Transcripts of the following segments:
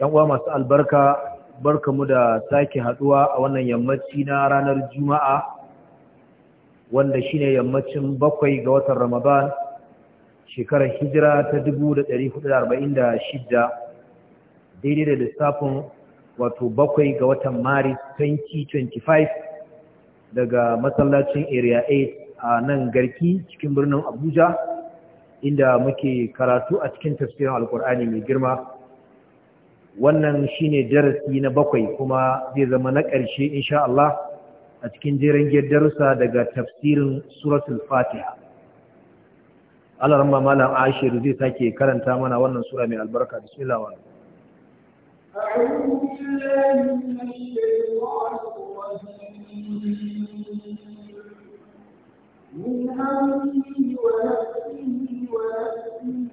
yan uwa masu albarka barka mu da sake haɗuwa a wannan yammaci na ranar juma'a wanda shi ne yammacin bakwai ga watan ramadan shekarar hijira ta 1446 daidai da lissafin wato bakwai ga watan maris 2025 daga masallacin area 8 a nan garki cikin birnin abuja inda muke karatu a cikin tafsirin alkur'ani mai girma wannan shine darasi na bakwai kuma zai zama na ƙarshe insha Allah a cikin jerin darussa daga tafsirin suratul fatiha Allah ramma malam ashir zai sake karanta mana wannan sura mai albarka bismillah wa من أمره ونفسه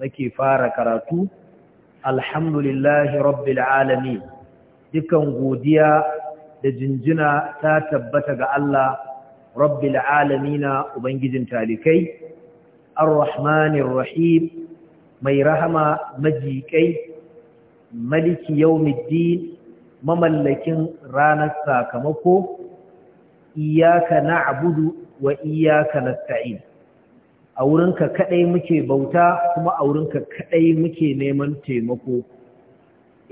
nake fara karatu alhamdulillahi rabbil alamin dukan godiya da jinjina ta tabbata ga Allah rabbil na ubangijin talikai arrahmanir rahim mai rahama majikai maliki yawmiddin mamallakin ranar sakamako iyyaka abudu wa iyyaka nasta'in a wurinka kaɗai muke bauta kuma a wurinka kaɗai muke neman taimako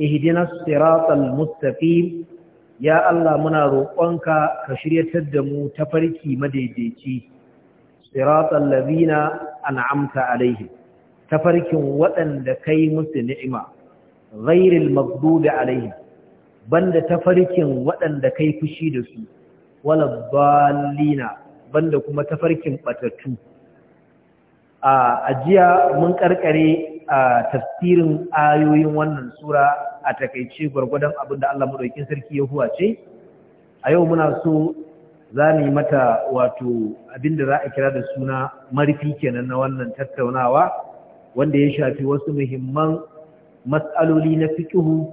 ihdinas siratal mustaqim ya Allah muna roƙonka ka shiryatar da mu ta farki madaidaici siratal ladina an'amta alaihim tafarkin waɗanda kai musu ni'ima Zairil Magdubi alaihim banda tafarkin waɗanda kai fushi da su wala Balina, banda kuma tafarkin batattu a jiya mun karkare a tafsirin ayoyin wannan sura a takaice gwargwadon abin da Allah madaukin sarki ya ce, a yau muna so za mu yi mata wato abin da za a kira da suna marfi kenan na wannan tattaunawa wanda ya shafi wasu muhimman matsaloli na fiqhu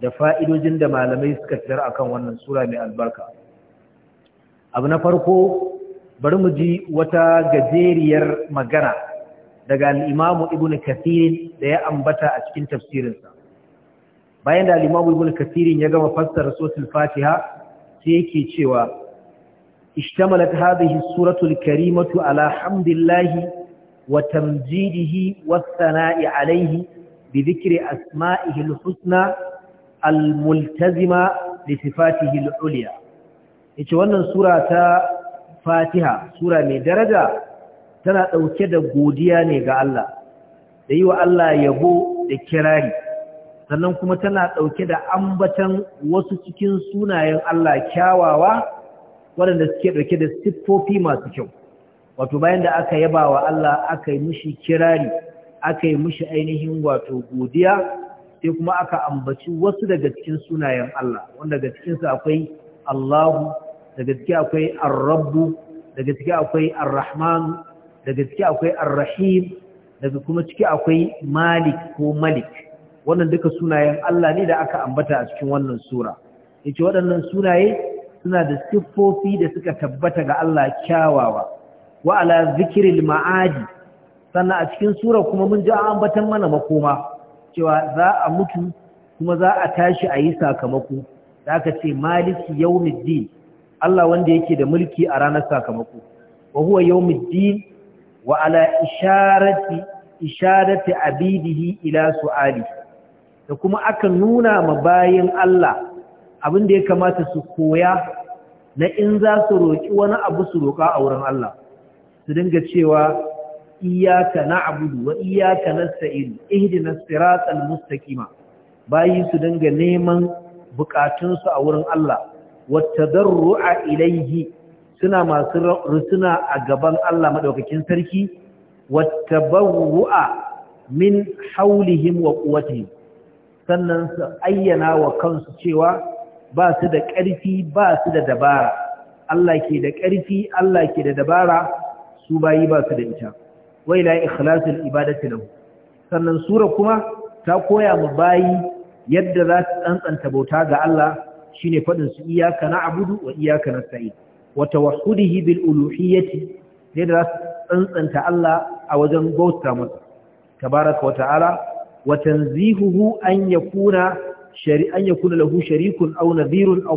da fa'idojin da malamai suka fitar akan wannan sura mai albarka abu na farko bari mu ji wata gajeriyar magana daga al'imamu ibn kathirin da ya ambata a cikin tafsirinsa bayan da al'imamu ibn kasirin ya gama fassara sotul fatiha sai yake cewa ishtamalat hadhihi suratul karimatu ala hamdillahi wa tamjidihi was sana'i alayhi bi dhikri asma'ihi al-husna al-multazima li sifatihi al-ulya yace wannan sura ta fatiha sura mai daraja tana ɗauke da godiya ne ga Allah da yi wa Allah yabo da kirari sannan kuma tana ɗauke da ambatan wasu cikin sunayen Allah kyawawa waɗanda suke ɗauke da siffofi masu kyau wato bayan da aka yaba wa Allah aka yi mushi kirari aka yi mushi ainihin wato godiya sai kuma aka ambaci wasu daga cikin sunayen Allah wanda daga cikinsu akwai Allahu daga ciki akwai ar-rabbu daga ciki akwai ar-rahman daga ciki akwai ar-rahim daga kuma ciki akwai malik ko malik wannan duka sunayen Allah ne da aka ambata a cikin wannan sura yace waɗannan sunaye suna da siffofi da suka tabbata ga Allah kyawawa wa ala zikril ma'adi sannan a cikin sura kuma mun ji an ambatan mana makoma cewa za a mutu kuma za a tashi a yi sakamako da aka ce maliki yawmiddin Allah wanda yake da mulki a ranar sakamako wa huwa yawmuddin wa ala isharati isharati abidihi ila su'ali da kuma aka nuna ma bayin Allah abin da ya kamata su koya na in za su roki wani abu su roka a wurin Allah su dinga cewa iyyaka na'budu wa iyyaka nasta'in ihdinas siratal mustaqima bayi su dinga neman bukatunsu a wurin Allah watadarru'a ilaihi suna masu rusuna a gaban Allah madaukakin sarki watabawwa min haulihim wa quwwatihim sannan su ayyana wa kansu cewa ba su da ƙarfi ba su da dabara Allah ke da ƙarfi Allah ke da dabara su bayi ba su da ita wai la ikhlasul ibadati lahu sannan sura kuma ta koya mu bayi yadda za su tsantsanta bauta ga Allah shine fadin su iyyaka na'budu wa iyyaka nasta'in wa tawahhudihi bil uluhiyyati yadda tsantsanta Allah a wajen bauta masa tabaraka wa ta'ala wa tanzihuhu an yakuna shari'an yakuna lahu sharikun aw nadhirun aw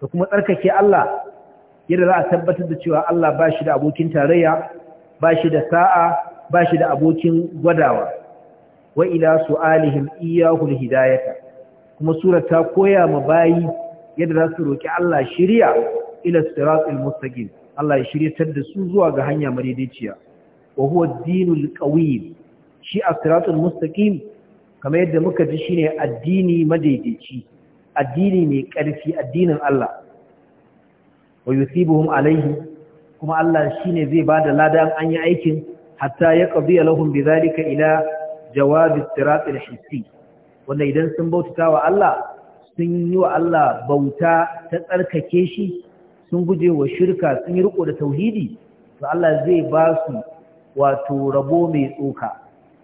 da kuma tsarkake Allah yadda za a tabbatar da cewa Allah ba shi da abokin tarayya ba shi da sa'a ba shi da abokin gwadawa wa ila su'alihim iyahul hidayata kuma surar ta koya ma bayi yadda za su roƙi Allah shirya ila siratul mustaqim Allah ya shiryatar da su zuwa ga hanya madaidaiciya wa huwa dinul qawim shi siratul mustaqim kamar yadda muka ji shine addini madaidaici addini mai ƙarfi addinin Allah wa yusibuhum alaihi kuma Allah shine zai bada ladan an yi aikin hatta ya qadiya lahum bidhalika ila jawabi as-siratul hissi wanda idan sun bautata wa Allah sun yi wa Allah bauta ta tsarkake shi sun guje wa shirka sun yi riko da tauhidi to Allah zai ba su wato rabo mai tsoka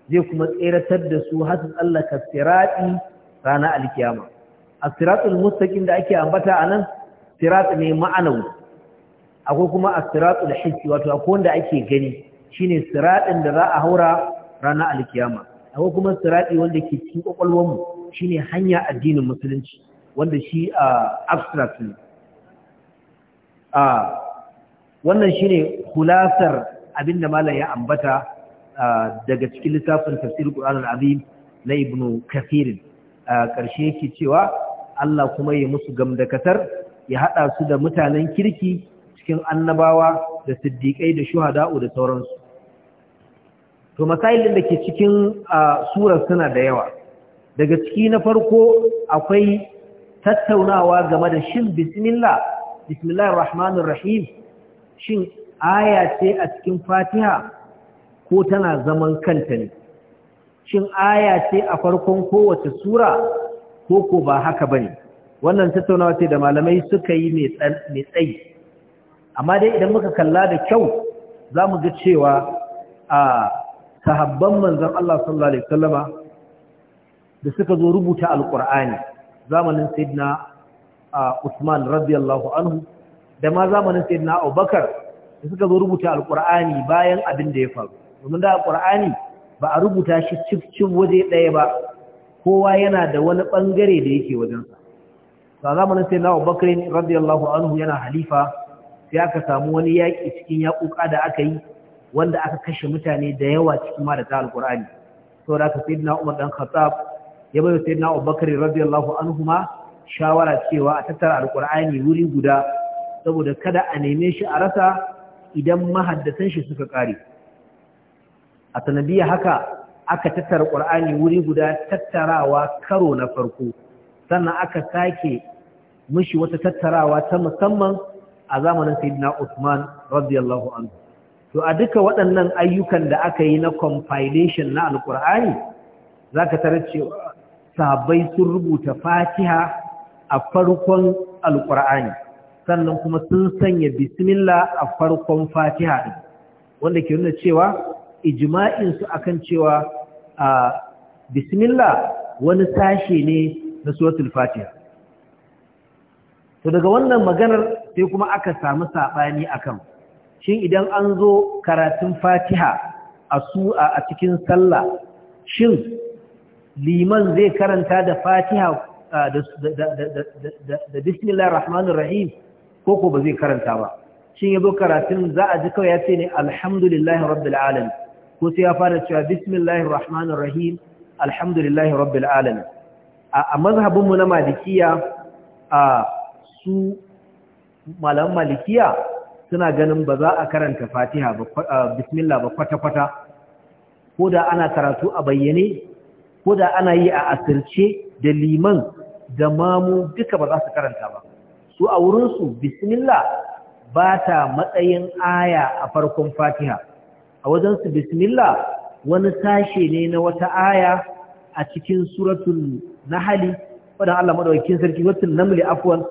zai kuma tseratar da su har su tsallaka sirati rana alkiyama A siratul mustaqim da ake ambata anan sirat ne ma'anawi akwai kuma a siratul hissi wato akwai wanda ake gani shine siratin da za a haura rana alkiyama akwai kuma sirati wanda ke cikin kwakwalwarmu shine hanya addinin musulunci wanda shi ah, abstract ne ah, wannan shine kulasar abinda malam ya ambata ah, daga cikin littafin tafsir Qur'an al-Azim na Ibn Kathir karshe yake cewa Allah kuma ya musu gamdakatar ya haɗa su da mutanen kirki cikin annabawa da siddiqai da shuhada'u da sauransu to masailin da ke cikin surar suna da yawa daga ciki na farko akwai tattaunawa game da shin bismillah bismillahir rahmanir rahim shin aya ce a cikin fatiha ko tana zaman kanta ne shin aya ce a farkon kowace sura ko ko ba haka bane wannan tattaunawa ce da malamai suka yi mai tsayi amma dai idan muka kalla da kyau za mu ga cewa a sahabban manzon Allah sallallahu alaihi wasallama da suka zo rubuta alqur'ani zamanin sayyidina Uthman radiyallahu anhu da ma zamanin sayyidina Abubakar da suka zo rubuta alqur'ani bayan abin da ya faru domin da alqur'ani ba a rubuta shi cikin waje ɗaya ba kowa yana da wani bangare da yake wajensa sa zamanin sayyidina Abubakar radiyallahu anhu yana halifa sai aka samu wani yaƙi cikin yaƙuƙa da aka yi wanda aka kashe mutane da yawa cikin marata da saboda haka sayyidina Umar dan Khattab ya bayyana sayyidina Abubakar radiyallahu anhuma shawara cewa a tattara alkur'ani wuri guda saboda kada a neme shi a rasa idan mahaddatan shi suka kare a sanadiyya haka aka tattara ƙur'ani wuri guda tattarawa karo na farko sannan aka sake mishi wata tattarawa ta musamman a zamanin sayyidina Usman radiyallahu anhu to a duka waɗannan ayyukan da aka yi na compilation na alkur'ani za ka tara cewa sahabbai sun rubuta fatiha a farkon alkur'ani sannan kuma sun sanya bismillah a farkon fatiha ɗin wanda ke nuna cewa ijma'insu akan cewa a bismillah wani sashe ne na suratul fatiha to daga wannan maganar sai kuma aka samu saɓani a kan? shin idan an zo karatun fatiha a su a cikin sallah shin liman zai karanta da fatiha da bismillah rahmanir rahim ko ko ba zai karanta ba shin yazo karatun za a ji kawai ya ce ne alhamdulillahi rabbil ko sai ya fara cewa bismillahir rahmanir rahim alhamdulillahi rabbil alamin a mazhabinmu na malikiya su malaman malikiya suna ganin ba za a karanta fatiha bismillah ba kwata-kwata ko da ana karatu a bayyane ko da ana yi a asirce da liman da mamu duka ba za su karanta ba su a wurinsu bismillah ba ta matsayin aya a farkon fatiha a wajensu bismillah wani sashe ne na wata aya a cikin suratul nahali wadan Allah madaukakin sarki watan namli afwan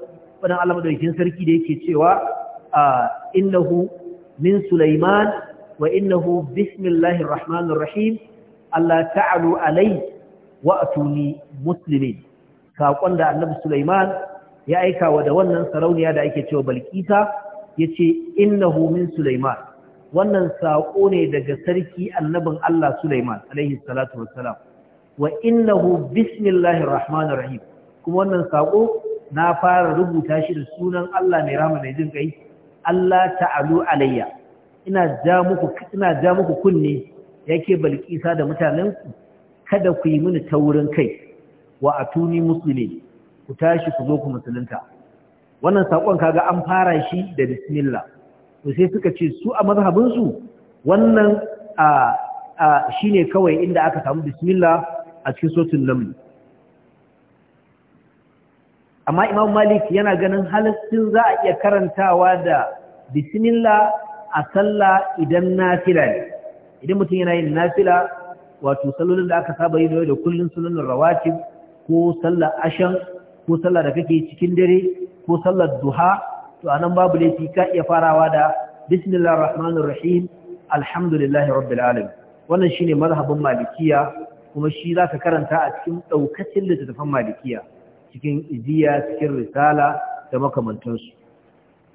wadan Allah madaukakin sarki da yake cewa innahu min Sulaiman wa innahu bismillahir rahmanir rahim Allah ta'alu alai wa atuni muslimin saƙon da annabi Sulaiman ya aika wa da wannan sarauniya da ake cewa Balkisa yace innahu min Sulaiman wannan saƙo ne daga sarki annabin Allah Sulaiman alaihi salatu wassalam wa innahu bismillahir rahmanir rahim kuma wannan saƙo na fara rubuta shi da sunan Allah mai rahama mai jin kai Allah ta'alu alayya ina ja muku ina ja muku kunne yake balkisa da mutanenku. kada ku yi mini taurin kai wa atuni muslimin ku tashi ku zo ku musulunta wannan sakon kaga an fara shi da bismillah to sai suka ce su a mazhabin su wannan a shine kawai inda aka samu bismillah a cikin sotin namu amma imam malik yana ganin halittun za a iya karantawa da bismillah a sallah idan nafila ne idan mutum yana yin nafila wato sallolin da aka saba yi da da kullun sunnah ko sallar ashan ko sallar da kake cikin dare ko sallar duha to anan babu laifi ka iya farawa da bismillahir rahman rahim alhamdulillahi rabbil alam wannan shine mazhabin malikiya kuma shi za ka karanta a cikin daukacin littattafan malikiya cikin ijiya cikin risala da makamantansu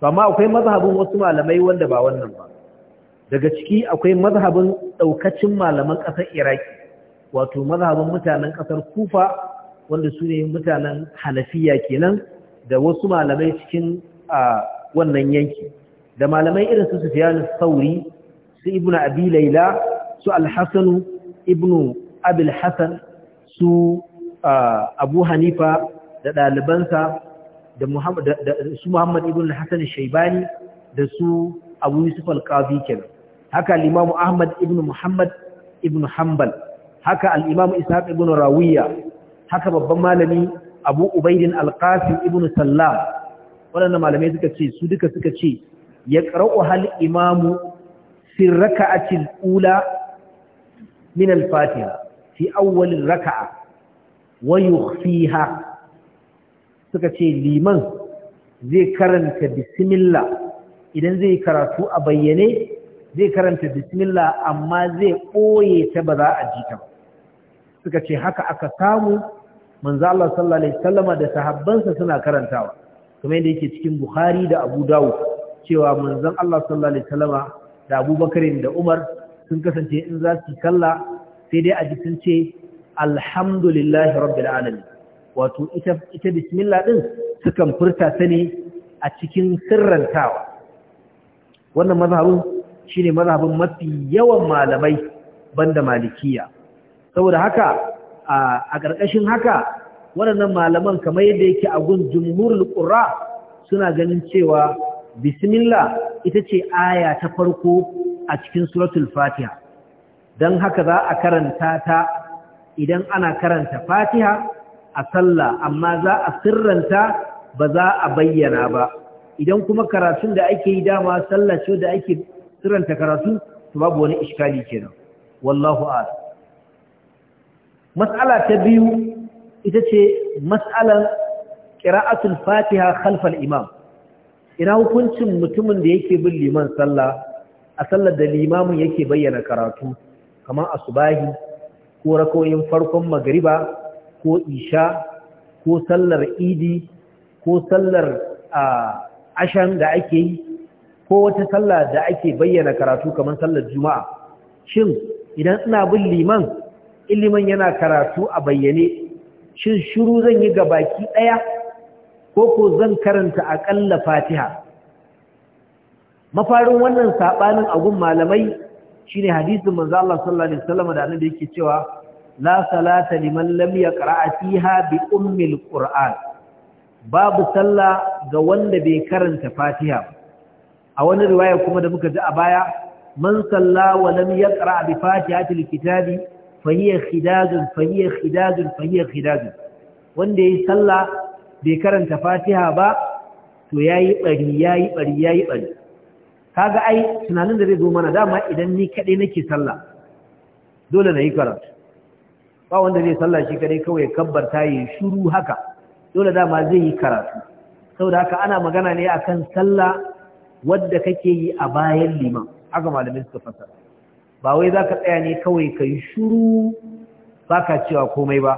amma akwai mazhabin wasu malamai wanda ba wannan ba daga ciki akwai mazhabin daukacin malaman kasar iraki wato mazhabin mutanen kasar kufa wanda su ne mutanen halafiya kenan da wasu malamai cikin a wannan yanki da malamai irin su sufiyanu sauri su ibnu abi laila su alhassanu ibnu abil hasan su abu hanifa da ɗalibansa da su Muhammad ibn Hassan Shaibani da su Abu Yusuf al-Qadi kenan haka al-Imam Ahmad ibn Muhammad ibn Hanbal haka al-Imam Ishaq ibn Rawiya haka babban malami Abu Ubaidin al-Qasim ibn Sallam waɗannan malamai suka ce su duka suka ce ya qara'u hal imamu fi ula min al-Fatiha fi awwal raka'a wa yukhfiha suka ce liman zai karanta bismillah idan zai karatu a bayyane zai karanta bismillah amma zai ɓoye ta ba za a ji ta suka ce haka aka samu manzo Allah sallallahu alaihi da sahabbansa suna karantawa kuma yadda yake cikin Buhari da Abu Dawud cewa manzan Allah sallallahu alaihi da Abu Bakar da Umar sun kasance in za su kalla sai dai a ji sun ce alhamdulillahi rabbil alamin wato ita ita bismillah din sukan furta ta ne a cikin sirrantawa wannan mazhabin shine mazhabin mafi yawan malamai banda malikiya saboda haka a ƙarƙashin haka waɗannan malaman kamar yadda yake a gun jumhurul qurra suna ganin cewa bismillah ita ce aya ta farko a cikin suratul fatiha don haka za a karanta ta idan ana karanta fatiha a sallah amma za a sirranta ba za a bayyana ba idan kuma karatun da ake yi dama sallah ce da ake sirranta karatu to babu wani iskali kenan wallahu a'lam mas'ala ta biyu ita ce mas'alan qira'atul fatiha khalfal imam ina hukuncin mutumin da yake bin liman sallah a sallar da limamin yake bayyana karatu kamar asubahi ko rakoyin farkon magariba ko isha ko sallar idi ko sallar ashan da ake yi ko wata sallah da ake bayyana karatu kamar sallar juma'a shin idan ina bin liman iliman yana karatu a bayyane shin shiru zan yi ga baki ɗaya ko ko zan karanta aƙalla fatiha mafarin wannan saɓanin agun malamai shine hadisin manzo Allah sallallahu alaihi wasallam da annabi yake cewa la salata liman lam yaqra fiha bi ummil qur'an babu sallah ga wanda bai karanta fatiha a wani riwaya kuma da muka ji a baya man salla wa lam bi fatiha kitabi fa hiya khidajun fa hiya khidajun fa hiya khidajun wanda yayi sallah bai karanta fatiha ba to yayi bari yayi bari yayi bari kaga ai tunanin da zai zo mana dama idan ni kadai nake sallah dole na yi karatu ba wanda zai sallah shi kare kawai kabbarta yi shiru haka dole dama zai yi karatu saboda haka ana magana ne akan sallah wadda kake yi a bayan liman haka malamin suka fasara ba wai zaka tsaya ne kawai kai shiru baka cewa komai ba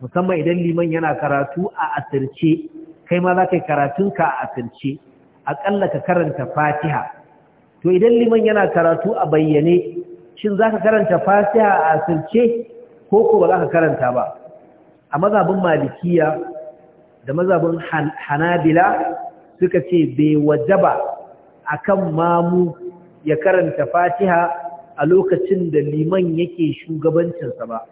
musamman idan liman yana karatu a asirce kai ma zaka yi karatunka a asirce aƙalla ka karanta fatiha to idan liman yana karatu a bayyane shin za ka karanta fatiha a asirce ko ko ba za ka karanta ba a mazabin malikiya da mazabin hanabila suka ce bai wajaba kan mamu ya karanta fatiha a lokacin da liman yake shugabancinsa ba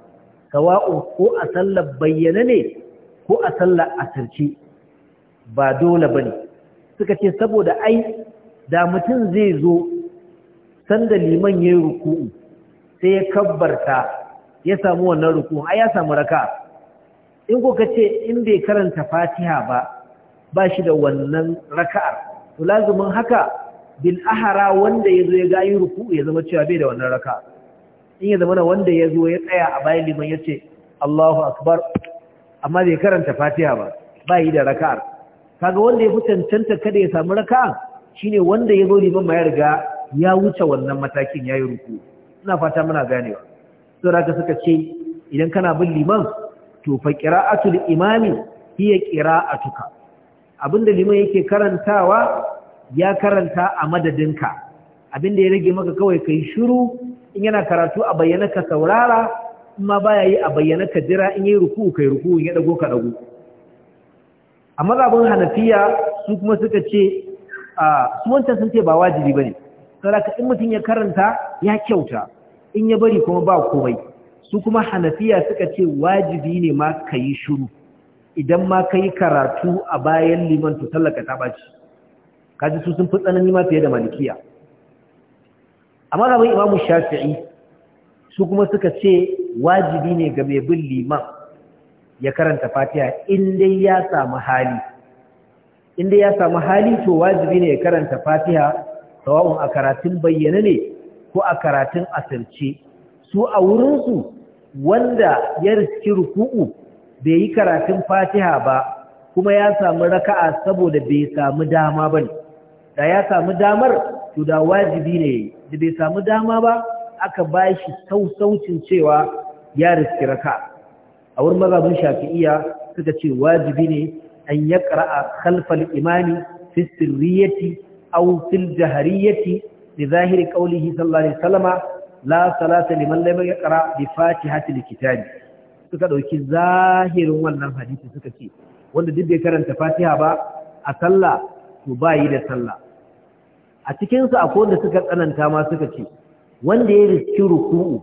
sawa'un ko a sallar bayyana ne ko a sallar asirce ba dole ba ne suka ce saboda ai da mutum zai zo sanda liman ya yi ruku'u sai ya kabbarta ya samu wannan ruku ai ya samu raka in ko kace in bai karanta fatiha ba ba shi da wannan raka'ar to lazumin haka bil ahara wanda yazo ya ga yi ruku ya zama cewa bai da wannan raka in ya zama wanda yazo ya tsaya a bayan liman yace Allahu akbar amma bai karanta fatiha ba ba yi da raka'ar kaga wanda ya fi tantanta kada ya samu raka shine wanda yazo zo liman ma ya riga ya wuce wannan matakin yayi ruku ina fata muna ganewa saboda suka ce idan kana bin liman to fa qira'atul imami hiya qira'atuka abinda liman yake karantawa ya karanta a madadinka abinda ya rage maka kawai kai shiru in yana karatu a bayyana ka saurara in ma baya yi a bayyana ka jira in yi ruku kai ruku ya dago ka dago a mazabin hanafiya su kuma suka ce su wancan sun ce ba wajibi bane saboda in mutum ya karanta ya kyauta in ya bari kuma ba komai su kuma hanafiya suka ce wajibi ne ma ka yi shuru idan ma ka yi karatu a bayan liman to tallaka ta ɓaci kaji su sun fi tsanani ma fiye da malikiya amma mai imamu shafi'i su kuma suka ce wajibi ne ga mai bin liman ya karanta fatiha in dai ya samu hali in dai ya samu hali to wajibi ne ya karanta fatiha sawa'un a karatun bayyana ne ko a karatun asirce su a wurinsu wanda ya riski ruku'u bai yi karatun fatiha ba kuma ya samu raka'a saboda bai samu dama ba ne, da ya samu damar to da wajibi ne da bai samu dama ba aka ba shi sausaucin cewa ya riski raka'a a wurin mazabin shafi'iya suka ce wajibi ne an yi kara'a khalfal imani fi sirriyati aw fil jahriyati bi zahiri qaulihi sallallahu alaihi wasallama la salata liman lam yaqra suka ɗauki zahirin wannan hadisi suka ce wanda duk bai karanta fatiha ba a sallah to ba yi da sallah a cikin akwai wanda suka tsananta ma suka ce wanda ya riski ruku'u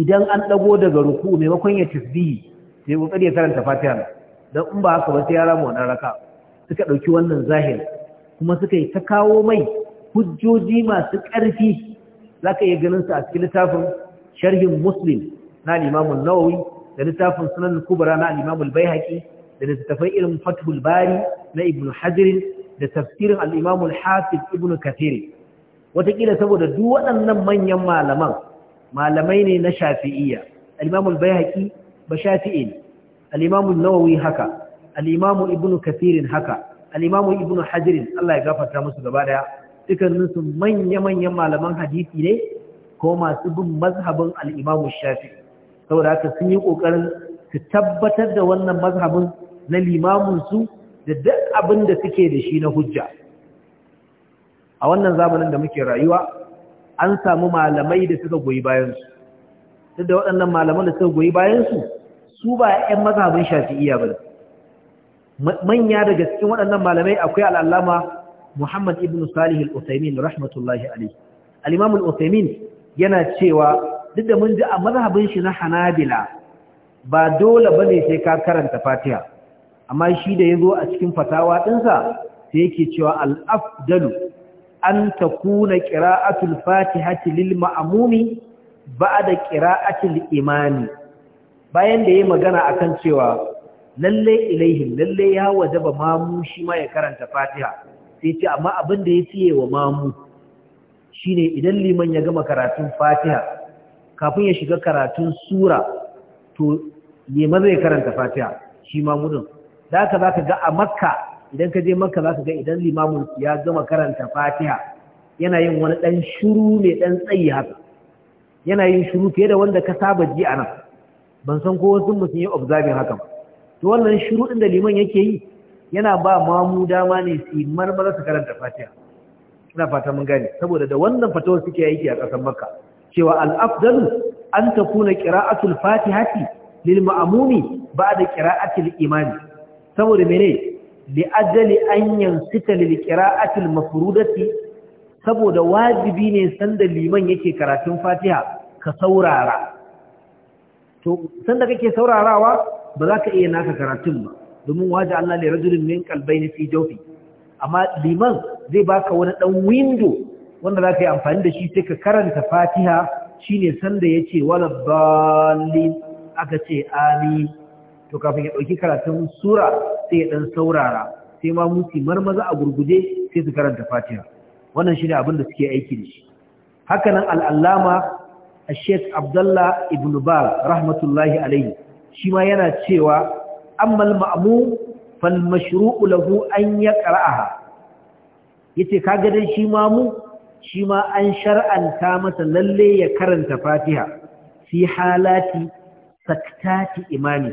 idan an ɗago daga ruku'u maimakon ya tasbihi sai kokari ya karanta fatiha dan in ba haka ba sai ya rama wannan raka suka ɗauki wannan zahiri kuma suka yi ta kawo mai hujjoji masu ƙarfi za ka iya ganin su a cikin littafin sharhin muslim na limamun nawawi da littafin sunan kubra na limamun baihaki da littafai irin fathul bari na ibn hajirin da tafsirin al'imamun hafiz ibn kafiri watakila saboda duk waɗannan manyan malaman malamai ne na shafi'iyya al'imamun baihaki ba shafi'i ne al'imamun nawawi haka al'imamun ibn kathirin haka al'imamun ibn hajirin allah ya gafarta musu gaba daya su manya-manyan malaman hadisi ne ko masu bin mazhabin al'imamu shafi saboda haka sun yi ƙoƙarin su tabbatar da wannan mazhabin na limamunsu da duk abin da suke da shi na hujja a wannan zamanin da muke rayuwa an samu malamai da suka goyi bayansu duk da waɗannan malaman da suka goyi bayansu su ba 'yan mazhabin shafi'iyya ba manya daga cikin waɗannan malamai akwai al'allama Muhammad ibn Salih al-Uthaymin rahmatullahi alayhi al-Imam al-Uthaymin yana cewa duk da mun ji a mazhabin shi na Hanabila ba dole bane sai ka karanta Fatiha amma shi da yazo a cikin fatawa dinsa sai yake cewa al-afdalu an takuna qira'atul Fatihati lil ma'mumi ba'da qira'atil imami bayan da yayi magana akan cewa lalle ilaihi lalle ya wajaba mamu shi ma ya karanta Fatiha sai ce amma abin da ya siye wa mamu shi ne idan liman ya gama karatun fatiha kafin ya shiga karatun sura to ya zai karanta fatiha shi mamunin da ka za ka ga a makka idan ka je makka za ka ga idan limamun ya gama karanta fatiha yana yin wani ɗan shuru mai ɗan tsayi haka yana yin shuru fiye da wanda ka saba ji a nan ban san ko wasu mutum yi obzabin haka ba to wannan shuru ɗin da liman yake yi yana ba mamu dama ne su marmara su karanta fatiha ina fata mun gane saboda da wannan fatawar suke aiki a ƙasar makka cewa al-afdalu an takuna qira'atul fatihati lil ma'mumi ba'da qira'atil imami saboda mene li'ajali an yansita lil qira'atil mafrudati saboda wajibi ne sanda liman yake karatun fatiha ka saurara to sanda kake saurarawa ba za ka iya naka karatun ba domin waje Allah ne rajulun min na fi jawfi amma liman zai baka wani dan windo. wanda za ka yi amfani da shi sai ka karanta fatiha shine sanda ya ce wala balin aka ce amin to kafin ya ɗauki karatun sura sai ya ɗan saurara sai ma muti marmaza a gurguje sai su karanta fatiha wannan shine abin da suke aiki da shi Hakanan nan al'allama a sheikh abdallah ibn bal rahmatullahi alaihi shi ma yana cewa amma al-ma'mum fal mashru'u lahu an yaqra'aha yace kaga dan shi mamu shi ma an shar'anta masa lalle ya karanta Fatiha fi halati saktati imani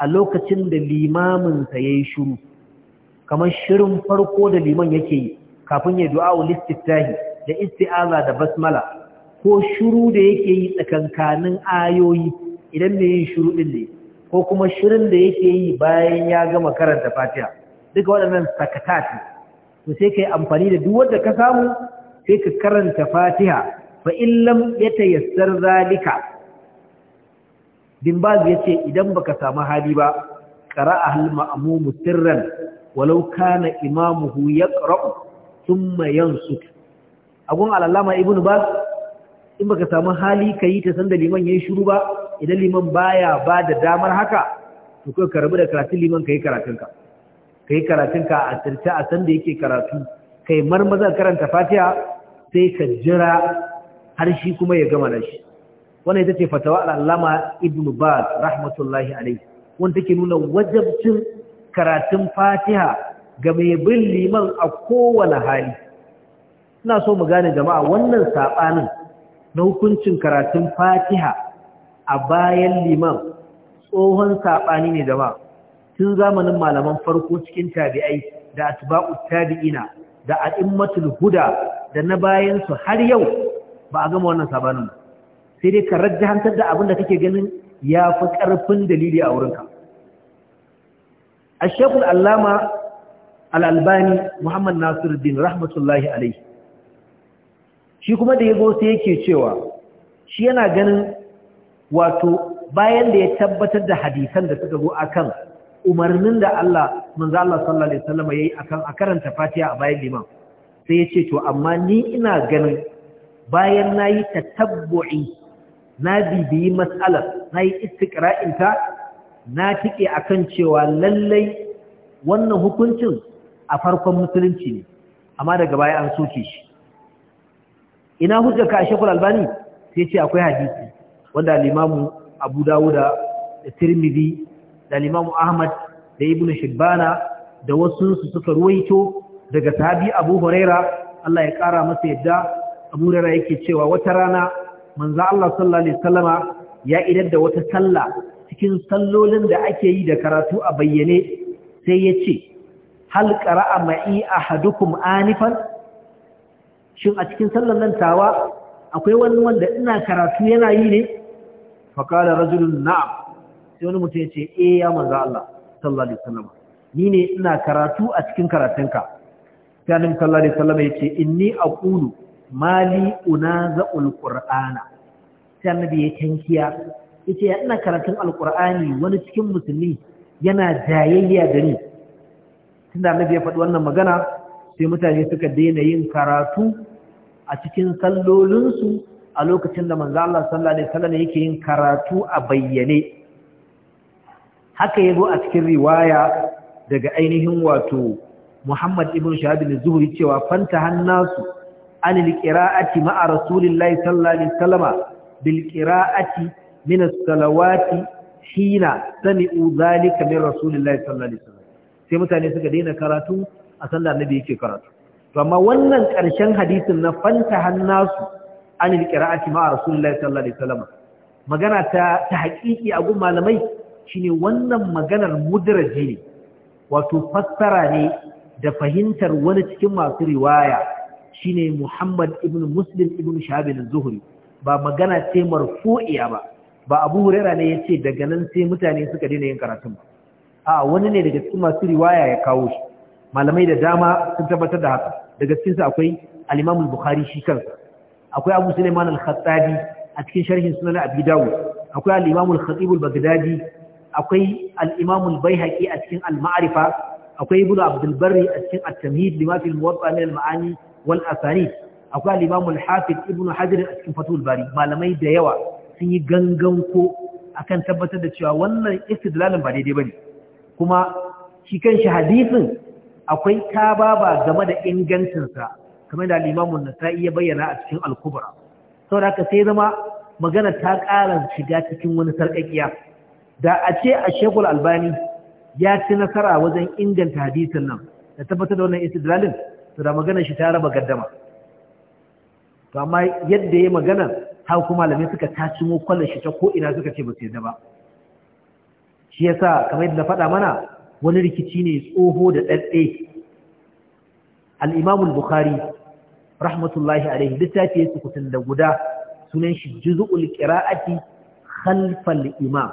a lokacin da limamin sa yayi shiru kamar shirin farko da liman yake yi kafin ya du'a ul istiftahi da isti'aza da basmala ko shiru da yake yi tsakankanin ayoyi idan ne yin shiru din ne ko kuma shirin da yake yi bayan ya gama karanta fatiha duka waɗannan sakatati to sai kai amfani da duk wanda ka samu sai ka karanta fatiha fa in lam yatayassar zalika dimbaz yace idan baka samu hali ba kara al ma'mum sirran walau kana imamuhu yaqra'u thumma yansut agun alalama ibnu ba, in baka samu hali kai ta sanda liman yi shiru ba idan liman baya ba da damar haka to kai ka da karatun liman kai karatunka kai karatunka a sirce a san da yake karatu kai marmaza karanta fatiha sai ka jira har shi kuma ya gama dashi. wannan ita ce fatawa allama ibnu baz rahmatullahi alayhi wanda take nuna wajabcin karatun fatiha ga mai bin liman a kowane hali ina so mu gane jama'a wannan sabanin na hukuncin karatun fatiha a bayan liman tsohon saɓani ne da ba tun zamanin malaman farko cikin tabi'ai da atba'ut tabi'ina da a'immatul huda da na bayan su har yau ba a gama wannan sabanin sai dai ka hantar da abin da kake ganin ya fi ƙarfin dalili a wurinka shekul allama al'albani muhammad nasiruddin rahmatullahi alaihi shi kuma da ya zo sai yake cewa shi yana ganin wato bayan da ya tabbatar da hadisan da suka zo akan umarnin da Allah manzo Allah sallallahu alaihi wasallam yayi akan a karanta Fatiha a bayan liman sai ya ce to amma ni ina ganin bayan nayi tatabbu'i na bibiyi mas'alar nayi istiqra'in ta na tike akan cewa lallai wannan hukuncin a farkon musulunci ne amma daga baya an soke shi ina hujja ka Sheikhul Albani sai ce akwai hadisi wanda limamu abu dawuda da tirmidhi da limamu ahmad da ibn shibbana da wasu su suka ruwaito daga sahabi abu huraira Allah ya kara masa yadda abu huraira yake cewa wata rana manzo Allah sallallahu alaihi wasallama ya idan da wata sallah cikin sallolin da ake yi da karatu a bayyane sai ya ce hal qara'a ma'i ahadukum anifan shin a cikin sallan nan tawa akwai wani wanda ina karatu yana yi ne faƙala rajulun na'am sai wani mutum ya ce eh ya manzo Allah sallallahu alaihi ni ne ina karatu a cikin karatunka sai annabi sallallahu alaihi wasallam ya ce inni aqulu mali una za qur'ana sai annabi ya tankiya yace ya ina karatun alqur'ani wani cikin musulmi yana jayayya da ni tunda annabi ya faɗi wannan magana sai mutane suka daina yin karatu a cikin sallolinsu a lokacin da manzo Allah sallallahu alaihi wasallam yake yin karatu a bayyane haka zo a cikin riwaya daga ainihin wato Muhammad ibn Shahab al-Zuhri cewa fanta hannasu anil qira'ati ma'a rasulillahi sallallahu alaihi wasallam bil qira'ati min as-salawati hina sami'u zalika min rasulillahi sallallahu alaihi wasallam sai mutane suka daina karatu a sallar annabi yake karatu to amma wannan ƙarshen hadisin na fanta hannasu an alqira'ati ma rasulullahi sallallahu alaihi wasallam magana ta ta haƙiƙi a gun malamai shine wannan maganar mudraji ne wato fassara ne da fahimtar wani cikin masu riwaya shine Muhammad ibn Muslim ibn Shahab al-Zuhri ba magana ce marfu'iya ba ba Abu Huraira ne yace daga nan sai mutane suka daina yin karatun ba a wani ne daga cikin masu riwaya ya kawo shi malamai da dama sun tabbatar da haka daga cikin su akwai al-Imam al-Bukhari shi kansa akwai abu suleiman al-khattabi a cikin sharhin sunan abi dawud akwai al-imam al-khatib al-baghdadi akwai al-imam al-baihaqi a cikin al-ma'rifa akwai ibnu abdul barri a cikin at-tamhid lima fi muwatta min al-ma'ani wal akwai al-imam al-hafiz ibnu hajar a cikin fatul bari malamai da yawa sun yi gangan ko akan tabbatar da cewa wannan istidlalin ba daidai bane kuma shi shi hadisin akwai tababa game da ingancinsa kamar da limamun ta iya bayyana a cikin alkubra Sau da haka sai zama magana ta ƙara shiga cikin wani sarƙaƙiya da a ce a shekul albani ya ci nasara wajen inganta hadisin nan da tabbatar da wannan istidlalin to da magana shi ta raba gaddama to amma yadda ya magana har kuma malamai suka tashi mu kwallon shi ta ko'ina suka ce ba su yadda ba shi yasa kamar yadda na faɗa mana wani rikici ne tsoho da ɗaɗɗe al-imam bukhari rahmatullahi alaihi littafi yake kusan da guda sunan shi juz'ul qira'ati khalf al-imam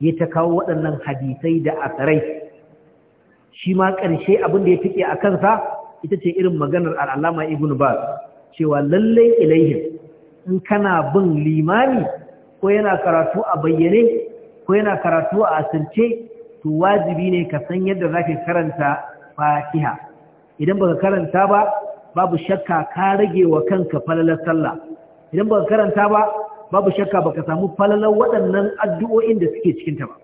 ya ta kawo waɗannan hadisai da asarai shi ma ƙarshe abin da ya fike a kansa ita ce irin maganar al'alama ibn baz cewa lallai ilaihim in kana bin limami ko yana karatu a bayyane ko yana karatu a asirce to wajibi ne ka san yadda zaka karanta fatiha idan baka karanta ba babu shakka ka rage wa kanka falalar sallah idan baka karanta ba babu shakka baka samu falalar waɗannan addu'o'in da suke cikin ta ba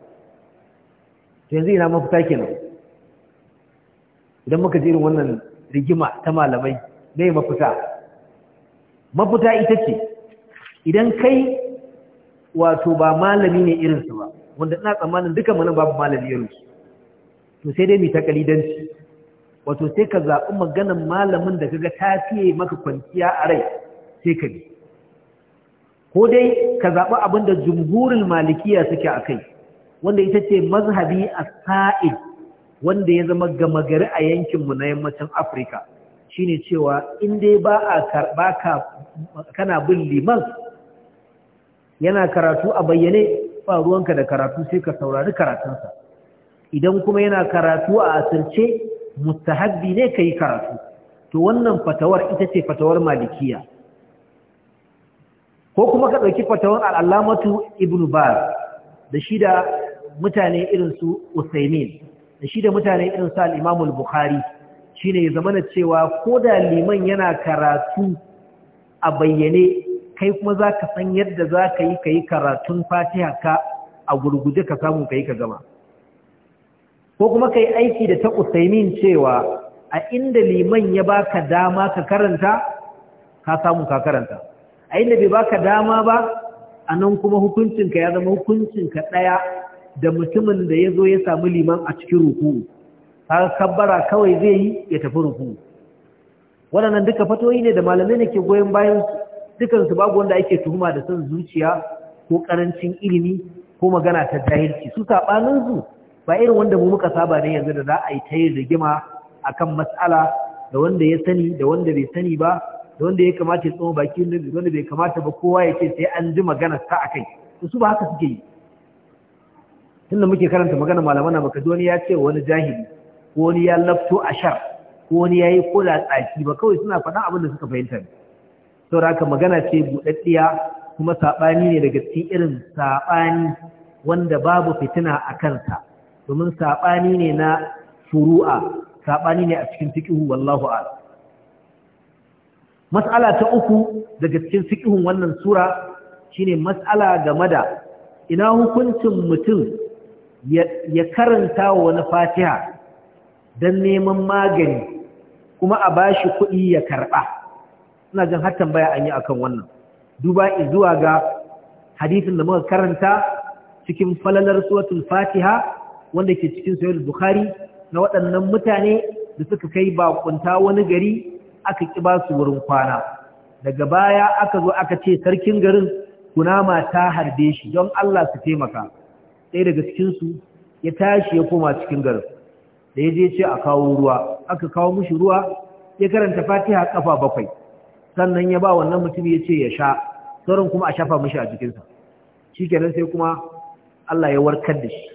to yanzu ina mafita kenan idan muka ji irin wannan rigima ta malamai me mafita mafita ita ce idan kai wato ba malami ne irinsu ba wanda ina tsammanin duka mana babu malami irinsu to sai dai mu ta kalidanci wato sai ka zaɓi maganan malamin da kaga ta fiye maka kwanciya a rai sai ka bi ko dai ka zaɓi abin da jumhurin malikiya suke a kai wanda ita ce mazhabi a sa'id wanda ya zama gama gari a yankinmu na yammacin afirka shine cewa in dai ba a karɓa ka kana bin liman yana karatu a bayyane ba ruwanka da karatu sai ka saurari karatunsa idan kuma yana karatu a asirce mustahabbi ne kai karatu to wannan fatawar ita ce fatawar malikiya ko kuma ka ɗauki fatawar al'alamatu ibn baz da shi da mutane irin su usaimin da shi da mutane irin su al bukhari shine ne zamana cewa ko da liman yana karatu a bayyane kai kuma zaka san yadda za ka yi ka yi karatun fatiha ka a gurguje ka samu ka ka gama ko kuma kai aiki da ta usaimin cewa a inda liman ya baka dama ka karanta ka samu ka karanta a inda bai baka dama ba a nan kuma hukuncinka ya zama hukuncinka ɗaya da mutumin da ya zo ya samu liman a cikin ruku ka kabbara kawai zai yi ya tafi ruku waɗannan duka fatoyi ne da malamai ne ke goyon bayan dukansu babu wanda ake tuhuma da son zuciya ko ƙarancin ilimi ko magana ta jahilci su saɓaninsu ba irin wanda mu muka saba ne yanzu da za a yi ta yin rigima akan matsala da wanda ya sani da wanda bai sani ba da wanda ya kamata ya tsoma baki da wanda bai kamata ba kowa ya ce sai an ji magana ta akai to su ba haka suke yi tunda muke karanta magana malamana na baka wani ya ce wani jahili ko wani ya lafto shar, ko wani ya yi kola tsaki ba kawai suna faɗan abin da suka fahimta ne saboda haka magana ce buɗaɗɗiya kuma saɓani ne daga cikin irin saɓani wanda babu fitina a kansa domin saɓani ne na furu'a saɓani ne a cikin fiƙihu wallahu ala mas'ala ta uku daga cikin fiƙihun wannan sura shine mas'ala game da ina hukuncin mutum ya karanta wa wani fatiha don neman magani kuma a bashi kuɗi ya karɓa ina jin har tambaya an yi akan wannan duba zuwa ga hadisin da muka karanta cikin falalar suratul fatiha wanda ke cikin sayar bukhari na waɗannan mutane da suka kai bakunta wani gari aka ƙi ba su wurin kwana daga baya aka zo aka ce sarkin garin kunama ta harbe shi don Allah su taimaka ɗaya daga cikinsu ya tashi ya koma cikin garin da ya je ce a kawo ruwa aka kawo mushi ruwa ya karanta fatiha kafa bakwai sannan ya ba wannan mutum ya ce ya sha sauran kuma a shafa mushi a jikinsa shi kenan sai kuma Allah ya warkar da shi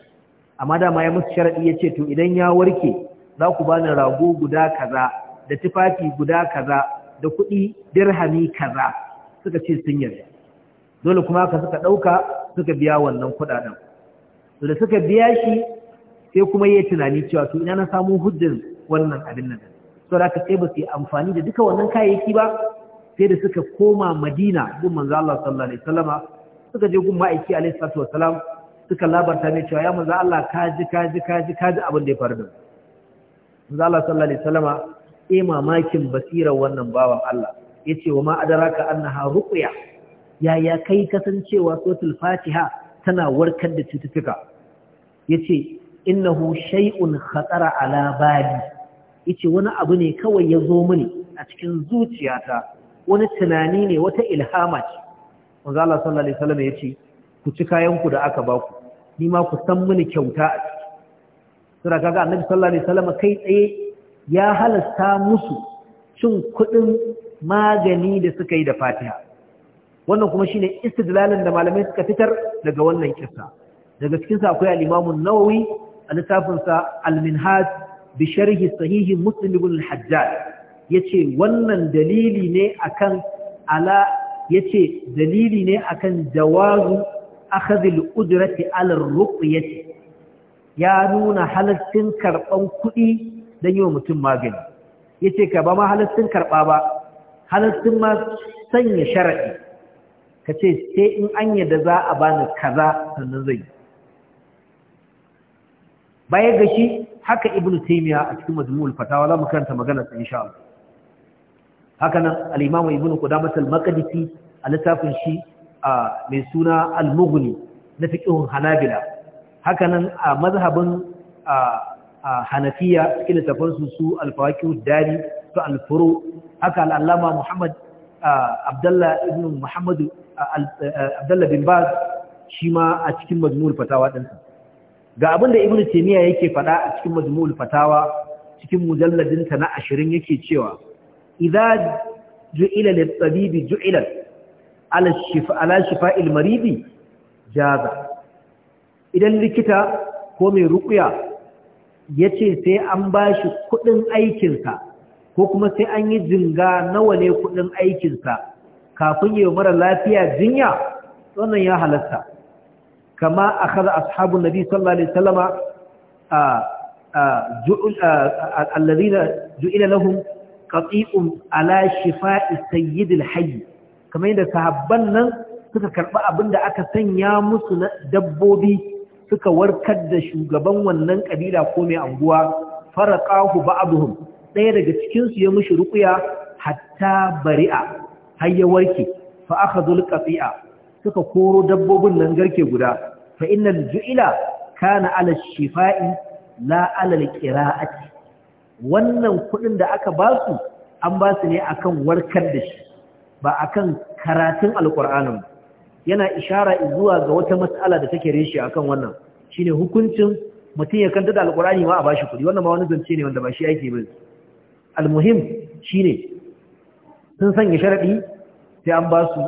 amma ma ya musu sharaɗi ya ce to idan ya warke za ku bani rago guda kaza da tufafi guda kaza da kuɗi dirhami kaza suka ce sun yarda dole kuma ka suka ɗauka suka biya wannan kuɗaɗen to da suka biya shi sai kuma ya tunani cewa to ina na samu hujjar wannan abin nan da ka sai ba su yi amfani da duka wannan kayayyaki ba sai da suka koma madina gun manzo Allah sallallahu alaihi wasallama suka je gun ma'aiki alaihi salatu wasallam suka labarta mai cewa ya manzo Allah kaji kaji kaji kaji abin da ya faru da mu Allah sallallahu alaihi wasallama eh mamakin basirar wannan bawan Allah yace wa ma adraka annaha ruqya ya ya kai kasancewa suratul fatiha tana warkar da cututtuka yace innahu shay'un khatara ala bali yace wani abu ne kawai ya zo mini a cikin zuciyata wani tunani ne wata ilhama ce manzo Allah sallallahu alaihi wasallam yace ku ci kayanku da aka baku ni ma ku san mini kyauta a ciki sura kaga annabi sallallahu alaihi wasallam kai tsaye ya halasta musu cin kuɗin magani da suka yi da fatiha wannan kuma shine istidlalin da malamai suka fitar daga wannan kissa daga cikin sa akwai al-Imam nawawi a littafin sa al-Minhaj bi sharhi sahih Muslim ibn al-Hajjaj yace wannan dalili ne akan ala yace dalili ne akan jawazu akhadhil ujrati ala ruqyati ya nuna halaccin karban kuɗi dan yi wa mutum magani yace ka ba ma halaccin karba ba halaccin ma sanya sharadi kace sai in an yadda za a bani kaza sannan zai baya ga shi haka ibnu taymiya a cikin majmu'ul fatawa za mu karanta magana sa insha Allah haka nan al-imam ibnu qudamah al-maqdisi a littafin shi mai suna al-mughni na fiqhun hanabila hakanan a mazhabin hanafiya cikin littafansu su al-fawaqih dari su al-furu haka al-allama muhammad abdullah ibn muhammad abdullah bin baz shi ma a cikin majmu'ul fatawa ɗinsa ga abin da ibnu taymiya yake faɗa a cikin majmu'ul fatawa cikin mujalladin ta na 20 yake cewa idza ju'ila lit-tabibi ju'ila ala shifa'il maridi jaza idan likita ko mai rukuya ya ce sai an ba shi kudin aikinsa ko kuma sai an yi jinga nawa ne kudin aikinsa kafin yi mara lafiya jinya wannan ya halatta kama a kada ashabun nabi sallallahu alaihi sallama a ju'ila lahum qati'un ala shifa'i sayyidil hayy kamar yadda sahabban nan suka karɓi abin da aka sanya musu na dabbobi suka warkar da shugaban wannan ƙabila ko mai anguwa faraqahu ba'dhum ɗaya daga cikin su ya mushi rukuya hatta bari'a har ya warke fa akhadhu al-qati'a suka koro dabbobin nan garke guda fa innal ju'ila kana ala shifa'i la ala al wannan kuɗin da aka ba su an ba su ne akan warkar da shi ba a kan karatun alqur'anin yana ishara zuwa ga wata matsala da take reshe kan wannan Shi ne hukuncin mutum ya kanta da Alƙur'ani ma a bashi kudi wannan ma wani zance ne wanda ba shi yake ba almuhim ne, sun sanya sharaɗi sai an ba su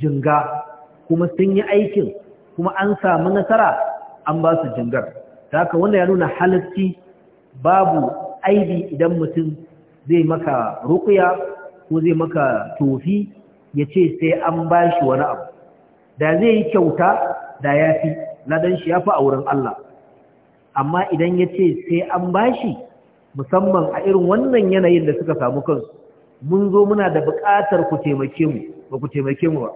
jinga kuma sun yi aikin kuma an samu nasara an ba su jingar haka wanda ya nuna halarci babu aibi idan mutum zai maka rukuya ko zai maka tofi ya ce sai an ba shi wani abu da zai yi kyauta da ya fi ladan shi ya fi a wurin Allah amma idan ya ce sai an ba shi musamman a irin wannan yanayin da suka samu kansu mun zo muna da buƙatar ku taimake mu ba ku taimake mu ba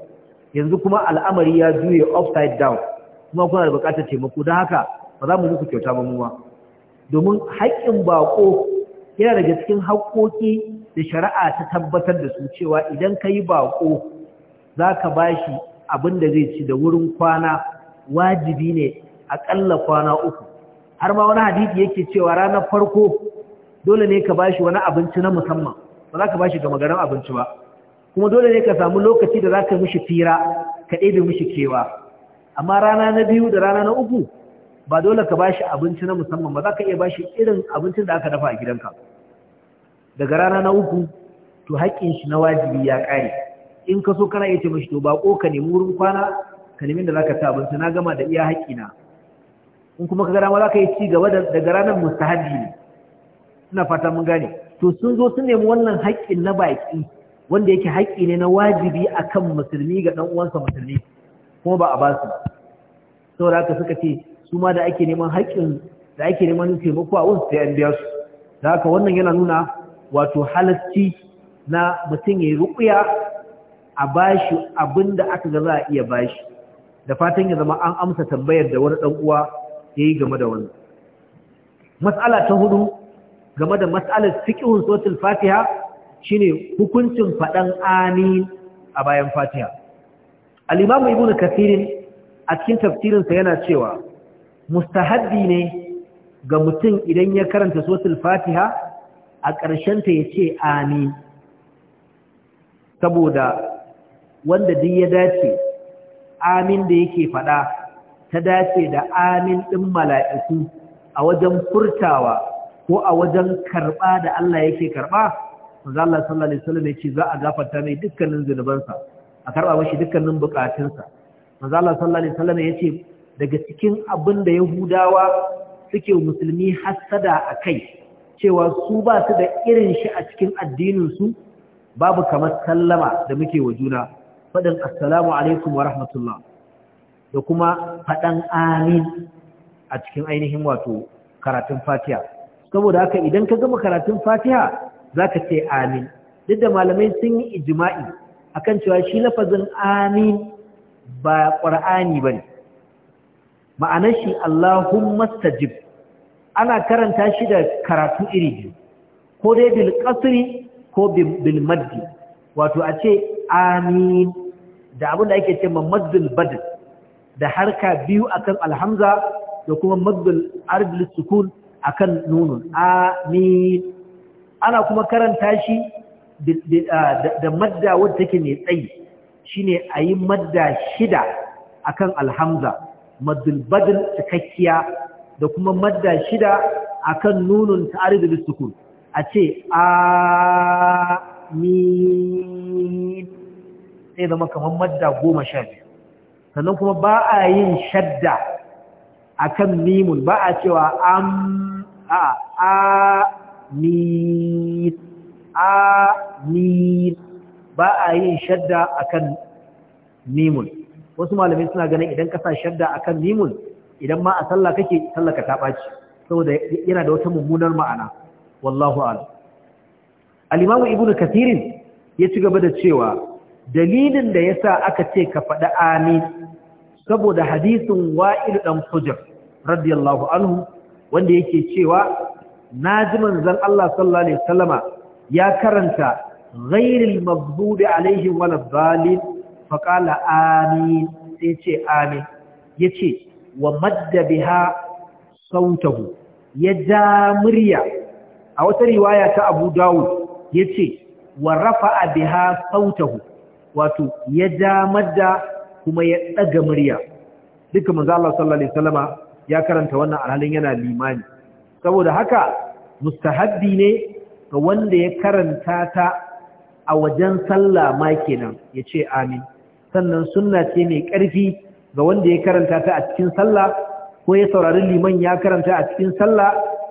yanzu kuma al'amari ya juye upside down kuma kuna da buƙatar taimako don haka ba za mu muku kyauta ba mu ba domin haƙƙin baƙo yana daga cikin haƙoƙi da shari'a ta tabbatar da su cewa idan ka yi baƙo za ka ba shi abin da zai ci da wurin kwana wajibi ne aƙalla kwana uku har ma wani hadithi yake cewa ranar farko dole ne ka ba shi wani abinci na musamman ba za ka ba shi gama garin abinci ba kuma dole ne ka samu lokaci da za ka mishi fira ka ɗebe mishi kewa amma rana na biyu da rana na uku ba dole ka ba shi abinci na musamman ba za ka iya ba shi irin abincin da aka dafa a gidanka daga rana na uku to haƙƙin shi na wajibi ya ƙare in ka so kana iya ce mashi to baƙo ka nemi wurin kwana ka nemi da za ka ci abinci na gama da iya haƙƙina in kuma ka gara ma za ka yi ci gaba daga ranar mustahabi ne ina fata mun gane to sun zo sun nemi wannan haƙƙin na baƙi wanda yake haƙƙi ne na wajibi akan musulmi ga ɗan uwansa musulmi kuma ba a ba su ba saboda haka suka ce su ma da ake neman haƙƙin da ake neman taimako a wasu sai an biya su da haka wannan yana nuna wato halarci na mutum ya yi ruƙuya a bashi abin da aka ga za a iya bashi da fatan ya zama an amsa tambayar da wani ɗan uwa ya yi game da wani. matsala ta hudu game da matsalar fiƙihun sotul fatiha shine hukuncin faɗan amin a bayan fatiha al'imamu ibn kafirin a cikin tafsirinsa yana cewa mustahabbi ne ga mutum idan ya karanta sosul fatiha a ƙarshenta ya ce amin saboda wanda duk ya dace amin da yake faɗa ta dace da amin ɗin mala'iku a wajen furtawa ko a wajen karɓa da Allah yake karɓa manzo Allah sallallahu alaihi wasallam ce za a gafarta mai dukkanin zunubansa a karɓa mashi dukkanin bukatunsa manzo Allah sallallahu alaihi wasallam ce. daga cikin abin da yahudawa suke musulmi hassada a kai cewa su ba su da irin shi a cikin addininsu babu kamar sallama da muke wa juna faɗin assalamu alaikum wa rahmatullah da kuma faɗan amin a cikin ainihin wato karatun fatiha saboda haka idan ka gama karatun fatiha za ka ce amin duk da malamai sun yi ijima'i akan cewa shi lafazin amin ba ƙwar'ani ba ne ma'anar shi Allahumma mastajib ana karanta shi da karatu iri biyu ko dai bil qasri ko bil maddi wato a ce amin da abin da ake ce mamadul bad da harka biyu akan alhamza da kuma maddul arbil sukun akan nunun amin ana kuma karanta shi da madda wadda take mai tsayi shine ayi madda shida akan alhamza maddul cikakkiya da kuma madda shida akan nunun ta'aridu sukun a ce amin sai zama kamar madda goma sha biyu sannan kuma ba a yin shadda akan mimun ba a cewa am a amin amin ba a yin shadda akan mimun wasu malamai suna ganin idan ka sa shadda akan mimun idan ma a sallah kake sallaka ta baci saboda yana da wata mummunar ma'ana wallahu a'lam al-imam ibn kathir ya ci gaba da cewa dalilin da yasa aka ce ka faɗa amin saboda hadisin wa'il dan fujar radiyallahu anhu wanda yake cewa naji manzon Allah sallallahu alaihi wasallama ya karanta ghairil maghdubi alaihim waladdallin faƙala amin sai ce amin ya ce wa madda biha sautahu ya ja murya a wata riwaya ta abu dawud ya ce wa rafa a biha sautahu wato ya ja madda kuma ya ɗaga murya duka manzo sallallahu salama ya karanta wannan alhalin yana limani saboda haka mustahabbi ne ga wanda ya karanta ta a wajen sallah ma kenan ya ce amin sannan sunna ce mai ƙarfi ga wanda ya karanta ta a cikin sallah ko ya saurari liman ya karanta a cikin sallah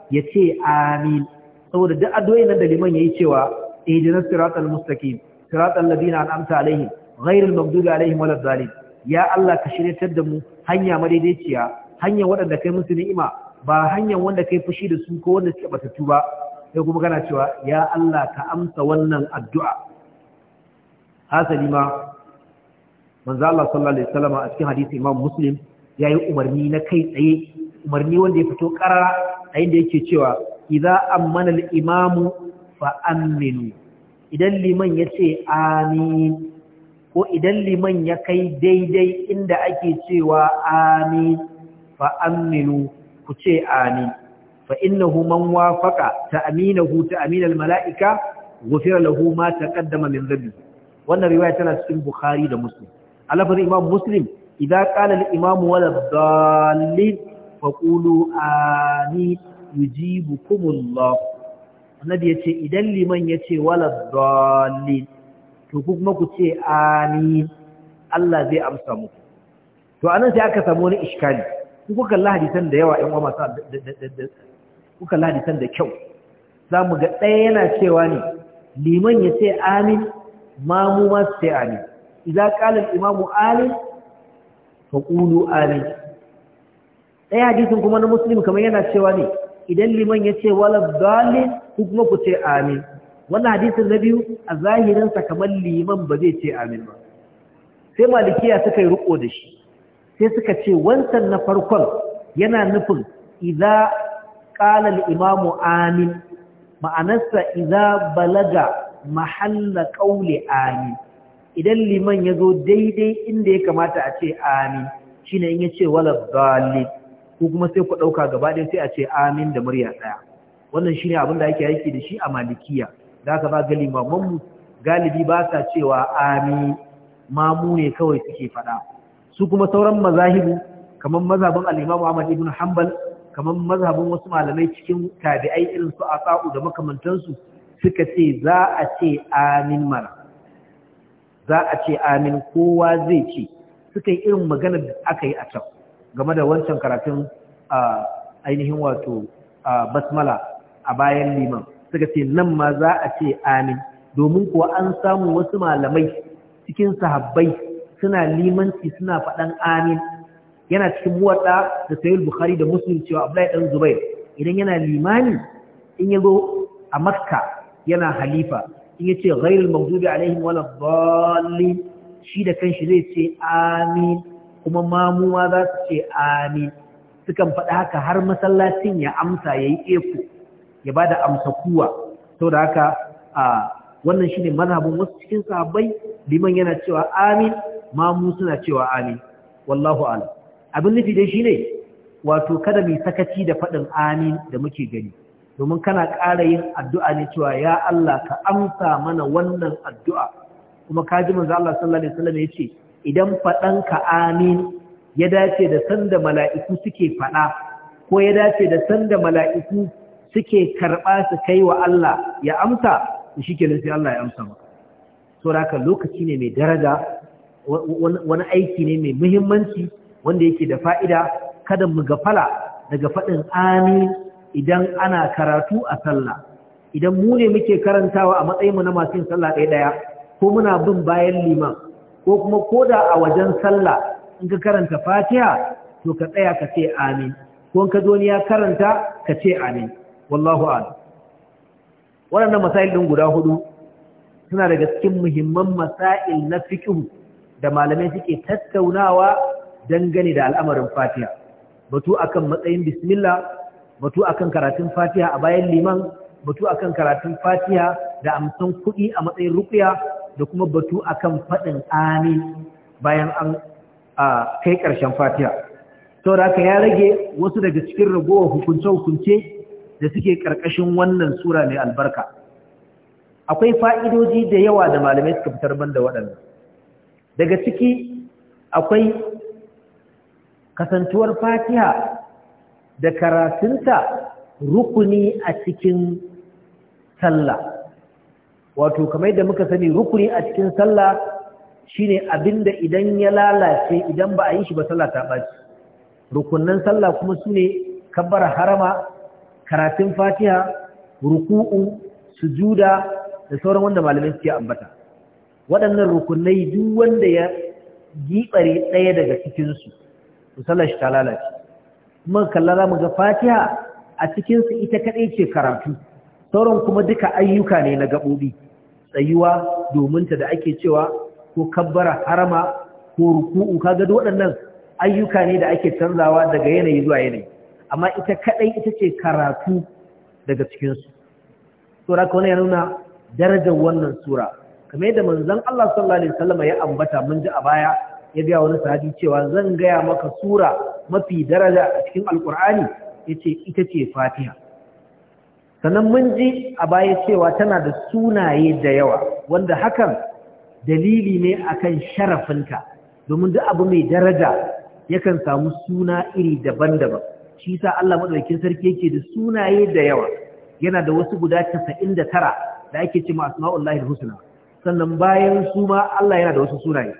ya ce amin saboda duk addu'o'in na da liman yayi cewa ihdinas siratal mustaqim siratal ladina an'amta alaihim ghairil maghdubi alaihim dhalin ya Allah ka shiryatar da mu hanya madaidaiciya hanya wadanda kai musu ni'ima ba hanyar wanda kai fushi da su ko wanda suke tu ba sai kuma kana cewa ya Allah ka amsa wannan addu'a hasali ma manzo Allah sallallahu alaihi wasallam a cikin hadisi Imam Muslim yayi umarni na kai tsaye umarni wanda ya fito karara a inda yake cewa idza ammana al-imamu fa aminu idan liman yace amin ko idan liman ya kai daidai inda ake cewa amin fa aminu ku ce amin fa innahu man wafaqa ta'minahu ta'min al-mala'ika ghufira lahu ma taqaddama min dhanbi wannan riwaya tana cikin Bukhari da Muslim a lafazin imam muslim idan kala li imamu wala dalil fa qulu ani yujibukumullah annabi yace idan liman ya ce wala dalil to kuma ku ce ani Allah zai amsa muku to anan sai aka samu wani iskali kuka kalla hadisan da yawa ƴan uwa masu kuka kalla hadisan da kyau mu ga ɗaya yana cewa ne liman ya ce amin mamu ma su ce amin Iza qala imam'u ali fa ali hadisin kuma na muslim kamar yana cewa ne idan liman yace wala dalil ku kuma ku ce amin wannan hadisin na biyu a zahirin sa kamar liman ba zai ce amin ba sai malikiya suka yi riko da shi sai suka ce wancan na farkon yana nufin Iza qala imam'u amin ma'anarsa Iza balaga mahalla ƙaule amin idan liman ya zo daidai inda ya kamata a ce amin shi ne in ya ce wala dalil ko kuma sai ku ɗauka gaba ɗaya sai a ce amin da murya ɗaya wannan shi ne abin da ake aiki da shi a malikiya da aka ba ga limamanmu galibi ba sa cewa amin mamu ne kawai suke faɗa su kuma sauran mazahibu kamar mazhabin al-Imam ibn Hanbal kamar mazhabin wasu malamai cikin tabi'ai irin su Asa'u da makamantansu suka ce za a ce amin mara za a ce amin kowa zai ce suka yi irin magana da aka yi a can game da wancan karatun ainihin wato basmala a bayan liman suka ce nan ma za a ce amin domin kuwa an samu wasu malamai cikin sahabbai suna limanci suna faɗan amin yana cikin muwaɗa da sayul bukhari da muslim cewa abdullahi ɗan zubair idan yana limani in ya zo a makka yana halifa in yace ghairul maghdubi alaihim wala dallin shi da kanshi zai ce amin kuma mamuwa za su ce amin sukan faɗa haka har masallacin ya amsa yayi eko ya bada amsa kuwa saboda haka a wannan shine mazhabin wasu cikin sahabbai liman yana cewa amin mamu suna cewa amin wallahu a'lam abin nufi dai shine wato kada mu sakaci da faɗin amin da muke gani domin kana ƙara yin addu'a ne cewa ya Allah ka amsa mana wannan addu'a kuma kaji ji manzo Allah sallallahu alaihi wasallam ce, idan faɗan ka amin ya dace da sanda mala'iku suke faɗa ko ya dace da sanda mala'iku suke karɓa su kai wa Allah ya amsa shi ke sai Allah ya amsa maka to lokaci ne mai daraja wani aiki ne mai muhimmanci wanda yake da fa'ida kada mu gafala daga faɗin amin idan ana karatu a sallah idan mu ne muke karantawa a matsayin mu na masu yin sallah ɗaya ɗaya ko muna bin bayan liman ko kuma koda a wajen sallah in ka karanta fatiha to ka tsaya ka ce amin ko in ka zo ya karanta ka ce amin wallahu a'lam waɗannan masail ɗin guda hudu suna daga cikin muhimman masail na fiqh da malamai suke tattaunawa dangane da al'amarin fatiha batu akan matsayin bismillah batu akan karatun fatiha a bayan liman batu akan karatun fatiha da amsan kuɗi a matsayin rukuya da kuma batu akan faɗin amin bayan an kai ƙarshen fatiha sau da ya rage wasu daga cikin ragowar hukunce-hukunce da suke ƙarƙashin wannan sura mai albarka akwai fa'idoji da yawa da malamai suka fitar banda waɗannan daga ciki akwai kasantuwar fatiha da karatunta rukuni a cikin sallah wato kamar da muka sani rukuni a cikin sallah shine abinda idan ya lalace idan ba a yi shi ba sallah ta baci rukunnan sallah kuma sune kabbara harama karatun fatiha ruku'u sujuda da sauran wanda malamai suke ambata waɗannan rukunai duk wanda ya gibare ɗaya daga cikin su sallah shi ta lalace man kalla za mu ga fatiha a cikinsu ita kaɗai ce karatu sauran kuma duka ayyuka ne na gaɓoɓi tsayuwa dominta da ake cewa ko kabbara harama ko ruku'u kaga duk waɗannan ayyuka ne da ake canzawa daga yanayi zuwa yanayi amma ita kaɗai ita ce karatu daga cikinsu sura kawai ya nuna darajar wannan sura kamar yadda manzon Allah sallallahu alaihi wasallam ya ambata mun ji a baya ya biya wani sahabi cewa zan gaya maka sura mafi daraja a cikin alkur'ani ya ce ita ce fatiha sannan mun ji a baya cewa tana da sunaye da yawa wanda hakan dalili ne akan sharafinta domin duk abu mai daraja yakan samu suna iri daban-daban shi sa Allah madaukakin sarki yake da sunaye da yawa yana da wasu guda 99 da ake ma asma'ullahi husna sannan bayan su ma Allah yana da wasu sunaye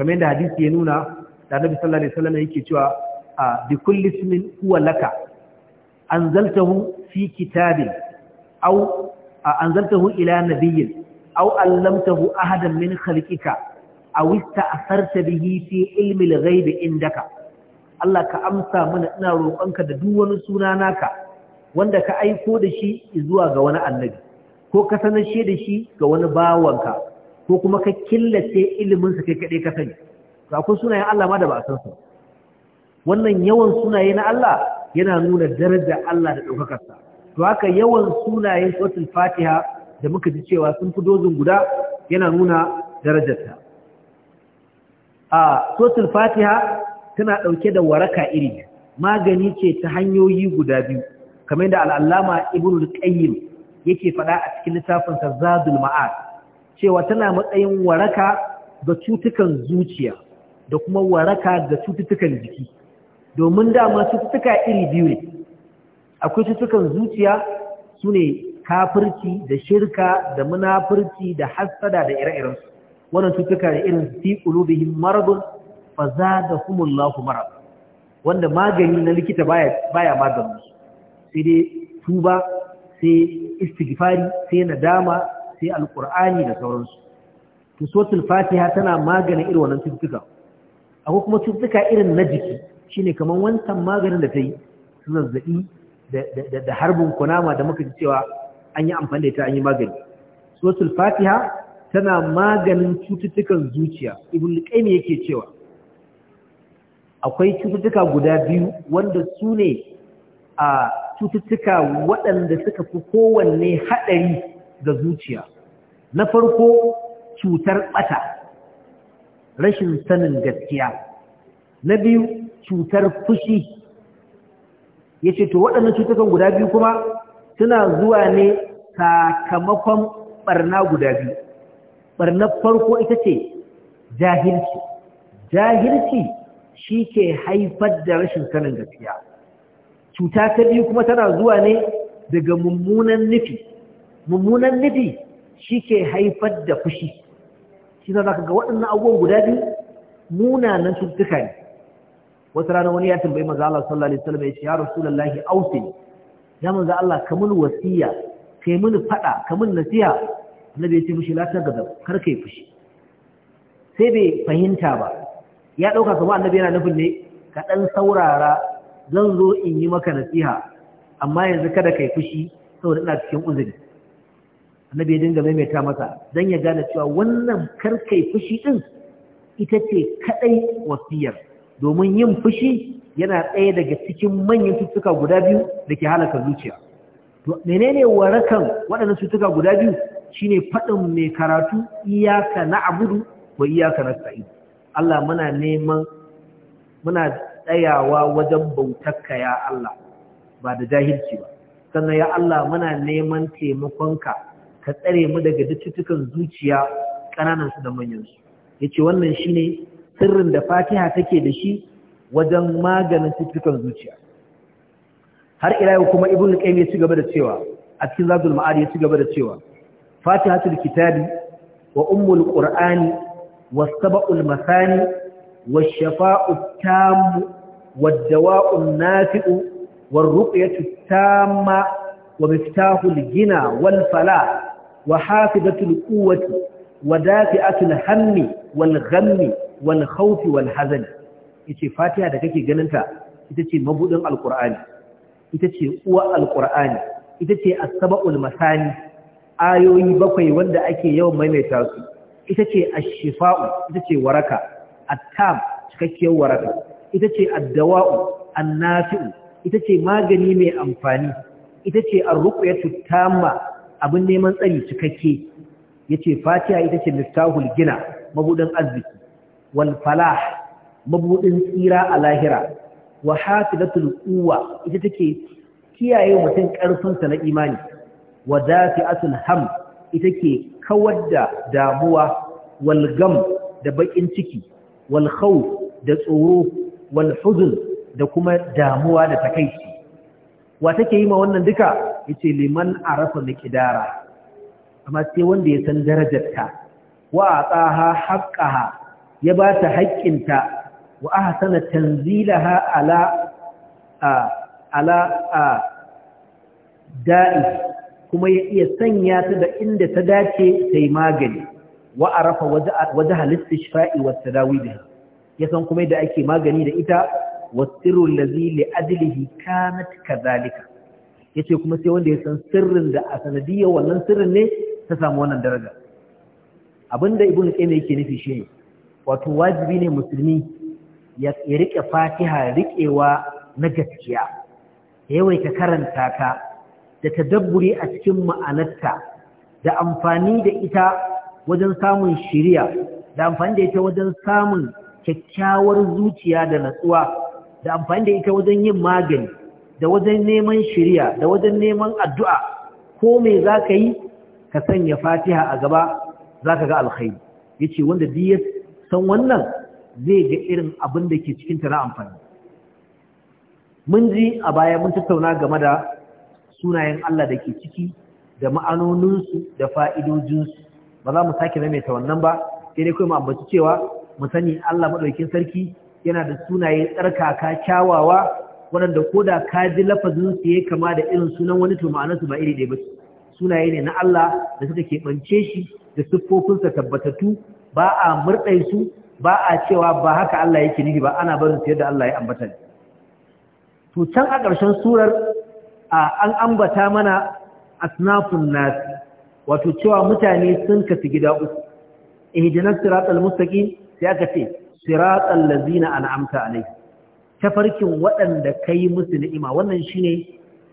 kamar yadda hadisi ya nuna da annabi sallallahu alaihi wasallam yake cewa a bi kulli ismin huwa laka anzaltahu fi kitabin aw anzaltahu ila nabiyyin aw allamtahu ahadan min khalqika aw ista'tharta bihi fi ilmi al-ghaib indaka Allah ka amsa mana ina roƙonka da duk wani suna naka wanda ka aiko da shi zuwa ga wani annabi ko ka sanar shi da shi ga wani bawanka ko kuma ka killace iliminsa kai kaɗai ka sani to akwai sunayen Allah ma da ba a san su wannan yawan sunaye na Allah yana nuna darajar Allah da ɗaukakarsa to haka yawan sunaye suratul fatiha da muka ji cewa sun fi dozin guda yana nuna ta a suratul fatiha tana ɗauke da waraka iri magani ce ta hanyoyi guda biyu kamar da al'allama ibn al-qayyim yake faɗa a cikin littafin sa zadul ma'ad cewa tana matsayin waraka ga cutukan zuciya da kuma waraka ga cututtukan jiki domin dama cututtuka iri biyu ne akwai cututtukan zuciya su ne kafirci da shirka da munafirci da hassada da ire-irensu wannan cututtuka da irin fi qulubihim maradun fa zadahumullahu marad wanda magani na likita baya baya magani sai dai tuba sai istighfari sai nadama sai alkur'ani da sauransu to sotul fatiha tana magana irin wannan cututtuka akwai kuma cututtuka irin na jiki shine kaman wancan maganin da ta yi su zazzabi da harbin kunama da muka ji cewa an yi amfani da ita an yi magani sotul fatiha tana maganin cututtukan zuciya ibn qayyim yake cewa akwai cututtuka guda biyu wanda su ne a cututtuka waɗanda suka fi kowanne haɗari ga zuciya na farko cutar bata rashin sanin gaskiya na biyu cutar fushi ya ce to waɗannan cutukan guda biyu kuma suna zuwa ne sakamakon ɓarna guda biyu ɓarnar farko ita ce jahilci jahilci shi ke haifar da rashin sanin gaskiya cuta ta biyu kuma tana zuwa ne daga mummunan nufi mummunan nufi shi ke haifar da fushi shi za ka ga waɗannan abubuwan guda biyu munanan cututtuka ne wata rana wani ya tambayi maza Allah sallallahu alaihi wasallam ya ce ya rasulullahi ausini ya manzo Allah ka mun wasiya kai mun fada ka mun nasiha annabi ya ce mushi la ta gazab kar kai fushi sai bai fahimta ba ya ɗauka kamar annabi yana nufin ne ka dan saurara zan zo in yi maka nasiha amma yanzu kada ka yi fushi saboda ina cikin uzuri annabi ya dinga maimaita masa dan ya gane cewa wannan karkai fushi ɗin ita ce kaɗai wasiyar domin yin fushi yana ɗaya daga cikin manyan cututtuka guda biyu da ke halaka zuciya to menene warakan waɗannan cututtuka guda biyu Shi ne faɗin mai karatu iyaka na abudu ko iyaka na sa'i Allah muna neman muna tsayawa wajen bautakka ya Allah ba da jahilci ba sannan ya Allah muna neman taimakonka ka tsare mu daga dukkan zuciya ƙananan su da manyan su yace wannan shine sirrin da Fatiha take da shi wajen maganin dukkan zuciya har ila yau kuma Ibn Qayyim ya ci gaba da cewa a cikin Zadul Ma'ad ya ci gaba da cewa Fatihatul Kitabi wa Ummul Qur'ani was Sab'ul Masani was Shafa'ut Tam والدواء النافع wa التامة ومفتاح الجنى والفلاح wa hafizatul quwwati wa dafi'atul hammi wal ghammi wal hazani fatiha da kake ganinta ita ce mabudin alqur'ani ita ce uwa alqur'ani ita ce as masani ayoyi bakwai wanda ake yawan maimaita su ita ce ash-shifa'u ita ce waraka at-tam cikakkiyar waraka ita ce ad-dawa'u an-nafi'u ita ce magani mai amfani ita ce ar-ruqyatu tamma abin neman tsari cikakke yace fatiha ita ce miftahul gina mabudin arziki wal falah mabudin tsira a lahira wa hafizatul uwa ita take kiyaye mutum karfin sa na imani wa dafi'atul ham ita ke kawar da damuwa wal gam da bakin ciki wal khawf da tsoro wal huzn da kuma damuwa da takaici wa take yi ma wannan duka yace liman arafa miqdara amma sai wanda ya san darajarta wa tsaha haƙƙaha ya ba ta haƙƙinta wa ahsana tanzilaha ala a da'i kuma ya iya sanya ta da inda ta dace sai magani wa halittar wajha wata dawi tadawi ya yasan kuma da ake magani da ita wasirul ladhi li ajlihi kanat kadhalika Ya ce kuma sai wanda ya san sirrin da a sanadiyya wannan sirrin ne ta samu wannan daraja abinda ibn qayyim yake nufi ne. wato wajibi ne musulmi ya rike fatiha riƙewa na gaskiya yawaita karanta ta da tadabburi a cikin ma'anarta da amfani da ita wajen samun shiriya da amfani da ita wajen samun kyakkyawar zuciya da natsuwa da amfani da ita wajen yin magani da wajen neman shiriya da wajen neman addu'a ko me za ka yi ka sanya fatiha a gaba za ka ga alkhairi ya ce wanda ya san wannan zai ga irin abin da ke cikinta na amfani mun ji a baya mun tattauna game da sunayen Allah da ke ciki da ma'anoninsu da fa'idojinsu ba za mu sake maimaita wannan ba sai dai kuma ambaci cewa mu sani Allah maɗaukin sarki yana da sunaye tsarkaka kyawawa waɗanda ko da ka ji lafazin su ya kama da irin sunan wani to ma'anarsu ba iri ɗaya ba sunaye ne na Allah da suka keɓance shi da siffofinsa tabbatatu. ba a murɗai su ba a cewa ba haka Allah yake nufi ba ana barin su yadda Allah ya ambata ne to can a ƙarshen surar an ambata mana asnafun nas wato cewa mutane sun kasu gida uku ihdinas siratal mustaqim sai aka ce siratal ladzina an'amta alaihim tafarkin waɗanda ka yi musu ni'ima wannan shi ne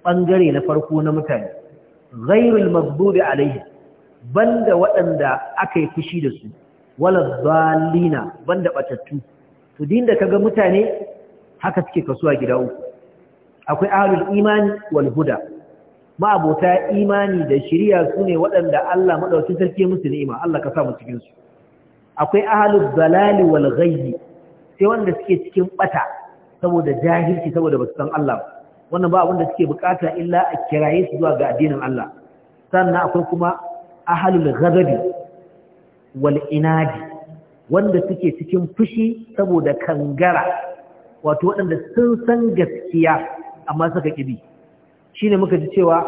ɓangare na farko na mutane ghairul magdubi alaihi banda waɗanda aka yi fushi da su wala zalina banda batattu to din da kaga mutane haka suke kasuwa gida uku akwai ahlul imani wal huda ma imani da shari'a sune waɗanda Allah madaukakin sarki musu ni'ima Allah ka sa mu cikin su akwai ahlul dalali wal ghayyi sai wanda suke cikin ɓata. saboda jahilci saboda basu san Allah wannan ba abin da suke bukata illa a kiraye su zuwa ga addinin Allah sannan akwai kuma ahlul ghadabi wal inadi wanda suke cikin fushi saboda kangara wato waɗanda sun san gaskiya amma suka kibi shine muka ji cewa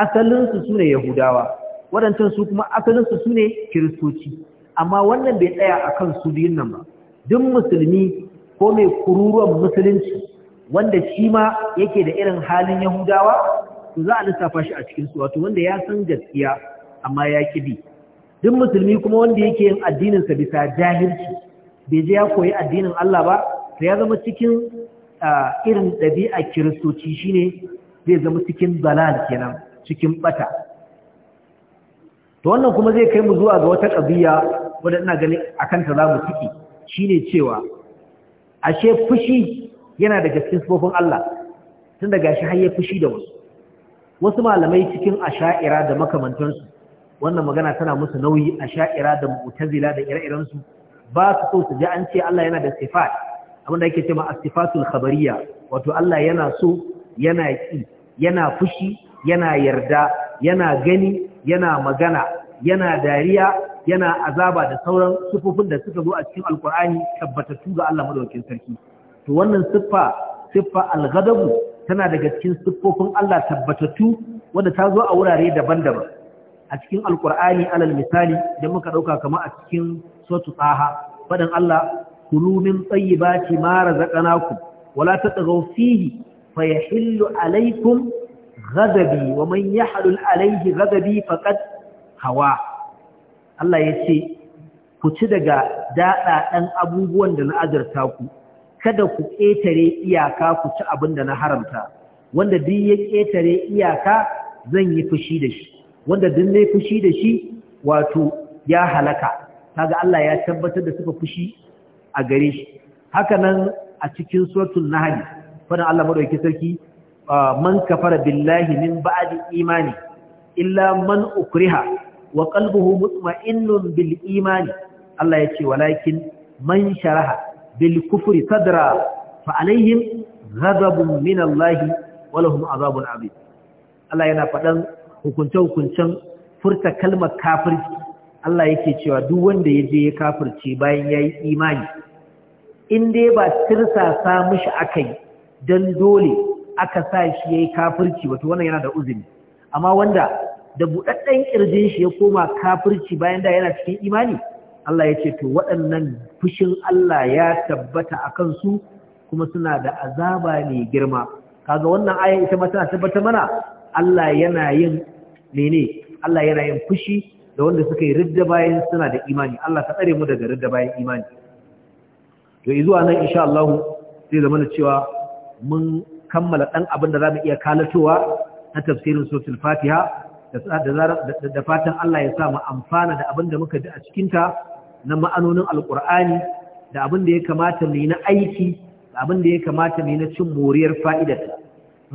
asalin su sune yahudawa waɗancan su kuma asalin su sune kiristoci amma wannan bai tsaya akan su biyun nan ba duk musulmi ko mai kururuwan musulunci wanda shi ma yake da irin halin yahudawa to za a lissafa shi a cikin su wato wanda ya san gaskiya amma ya kibi duk musulmi kuma wanda yake yin addinin sa bisa jahilci bai je ya koyi addinin Allah ba to ya zama cikin irin ɗabi'a kiristoci shine zai zama cikin dalal kenan cikin bata to wannan kuma zai kai mu zuwa ga wata ƙabiya wadda ina ganin akan ta za mu ciki shine cewa ashe fushi yana daga cikin sifofin Allah tun daga shi har ya fushi da wasu wasu malamai cikin asha'ira da makamantansu wannan magana tana musu nauyi asha'ira da mu'tazila da ire-iren su ba su so su ji an ce Allah yana da sifat abinda yake cewa as-sifatul khabariyya wato Allah yana so yana ki yana fushi yana yarda yana gani yana magana yana dariya yana azaba da sauran sufufin da suka zo a cikin alkur'ani tabbatattu ga Allah madaukakin sarki to wannan siffa siffa al-ghadab tana daga cikin siffofin Allah tabbatattu wanda ta zo a wurare daban-daban a cikin alkur'ani alal misali da muka dauka kamar a cikin suratu taha fadan Allah kulu min tayyibati ma razaqnakum wala tatghaw fihi fayahillu alaykum ghadabi wa man yahlul alayhi ghadabi faqad hawa Allah ya ce ku ci daga ɗan abubuwan da na azarta ku kada ku ƙetare iyaka ku ci abin da na haramta wanda duk ya ƙetare iyaka zan yi fushi da shi wanda duk ne fushi da shi wato ya halaka kaga Allah ya tabbatar da suka fushi a gare shi haka nan a cikin suratul nahl faɗin Allah madauki sarki ah, man kafara billahi min ba'adin imani illa man ukriha wa qalbuhu mutma'innun bil imani Allah ce walakin man sharaha bil kufri sadra fa alaihim ghadabun min Allah wa lahum azabun azim Allah yana fadan hukunce-hukuncen furta kalmar kafirci Allah yake cewa duk wanda ya je ya kafirce bayan yayi imani in dai ba tirsasa mishi aka dan don dole aka sa shi yayi yi kafirci wato wannan yana da uzuri amma wanda da buɗaɗɗen ƙirjin shi ya koma kafirci bayan da yana cikin imani Allah ya ce to waɗannan fushin Allah ya tabbata a kansu kuma suna da azaba ne girma kaga wannan aya ita ma tana tabbata mana Allah yana yin mene Allah yana yin fushi da wanda suka yi ridda bayan suna da imani Allah ka tsare mu daga ridda bayan imani to zuwa nan insha Allah zai zama da cewa mun kammala ɗan abin da zamu iya kalatowa na tafsirin suratul Fatiha da fatan Allah ya sa mu amfana da abin da muka ji a cikinta na ma'anonin alkur'ani da abin da ya kamata mu na aiki da abin da ya kamata mu na cin moriyar fa'idar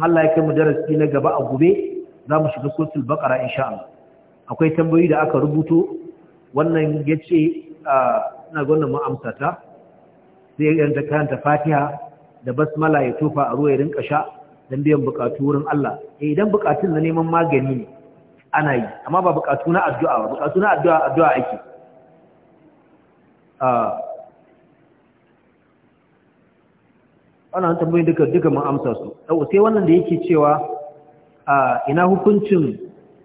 Allah ya kai mu darasi na gaba a gobe za mu shiga suratul baqara insha Allah akwai tambayoyi da aka rubuto wannan yace ina ga wannan mu amsa ta sai ya ta Fatiha da basmala ya tofa a ruwa ya rinka sha dan biyan bukatu wurin Allah eh idan bukatun na neman magani ne ana yi amma ba bukatu na addu'a ba bukatu na addu'a addu'a ake ah. wannan tambayin duka duka mun amsa su sai wannan da yake cewa ah, ina hukuncin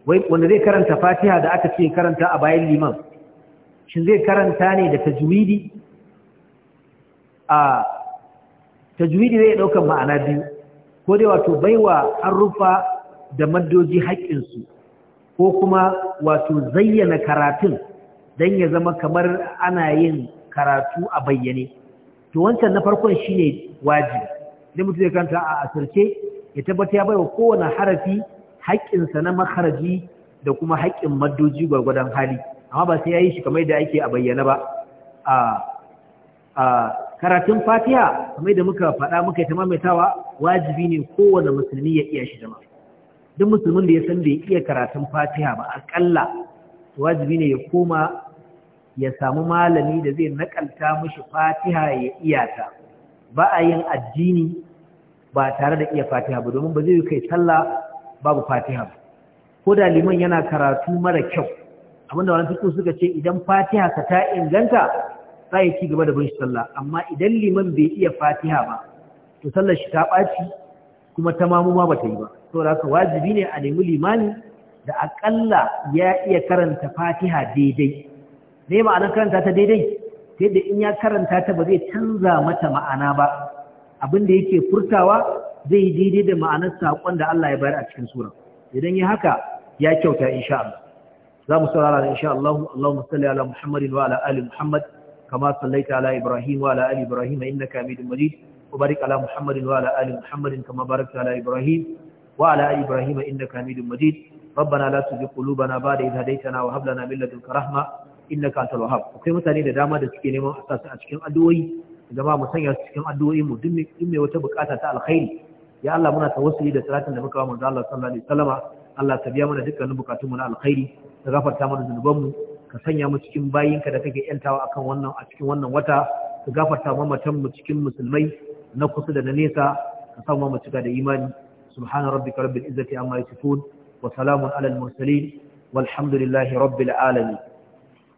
wanda zai karanta fatiha da aka ce karanta a bayan liman shin zai karanta ne da tajwidi a ah, tajwidi zai ɗaukar ma'ana biyu ko dai wato baiwa harufa da maddoji haƙƙinsu ko kuma wato zayyana karatun don ya zama kamar ana yin karatu a bayyane to wancan na farkon shine wajibi idan mutum zai kanta a asirce ya tabbata ya baiwa kowane harafi haƙƙinsa na makaraji da kuma haƙƙin maddoji gwargwadon hali amma ba sai ya yi shi kamar da ake a bayyana ba a karatun fatiha kamar da muka faɗa muka yi ta mamaitawa wajibi ne kowane musulmi ya iya shi jama'a duk musulmin da ya san bai iya karatun fatiha ba akalla wajibi ne ya koma ya samu malami da zai nakalta mishi fatiha ya iyata ba a yin addini ba tare da iya fatiha ba domin ba zai yi kai sallah babu fatiha ba ko da liman yana karatu mara kyau abinda wani fiƙo suka ce idan fatiha ka ta inganta za ci gaba da bin sallah amma idan liman bai iya fatiha ba to sallar shi ta ɓaci kuma ta mamu ma bata yi ba to haka wajibi ne a nemi limani da akalla ya iya karanta fatiha daidai ne ma'anar karanta ta daidai ta yadda in ya karanta ta ba zai canza mata ma'ana ba abin da yake furtawa zai daidai da ma'anar saƙon da Allah ya bayar a cikin sura idan ya haka ya kyauta insha Allah za mu saurara insha Allah Allahumma salli ala Muhammadin wa ala ali Muhammad kama sallaita ala Ibrahim wa ala ali Ibrahim innaka Hamidum Majid وبارك على محمد وعلى آل محمد كما باركت على إبراهيم وعلى آل إبراهيم إنك حميد مجيد ربنا لا تزغ قلوبنا بعد إذ هديتنا وهب لنا من لدنك رحمة إنك أنت الوهاب akwai mutane da dama da suke neman asasa a cikin addu'o'i jama'a mu sanya su cikin addu'o'i mu duk mai wata bukata ta alkhairi ya Allah muna tawassuli da salatin da muka wa manzo Allah sallallahu alaihi Allah ka biya mana dukkanin bukatun mu na alkhairi ka gafarta mana zunuban mu ka sanya mu cikin bayinka da kake yantawa akan a cikin wannan wata ka gafarta mu mu cikin musulmai na kusa da na nesa ka samu mu cika da imani subhana rabbika rabbil izzati amma yasifun wa salamun alal mursalin walhamdulillahi rabbil alamin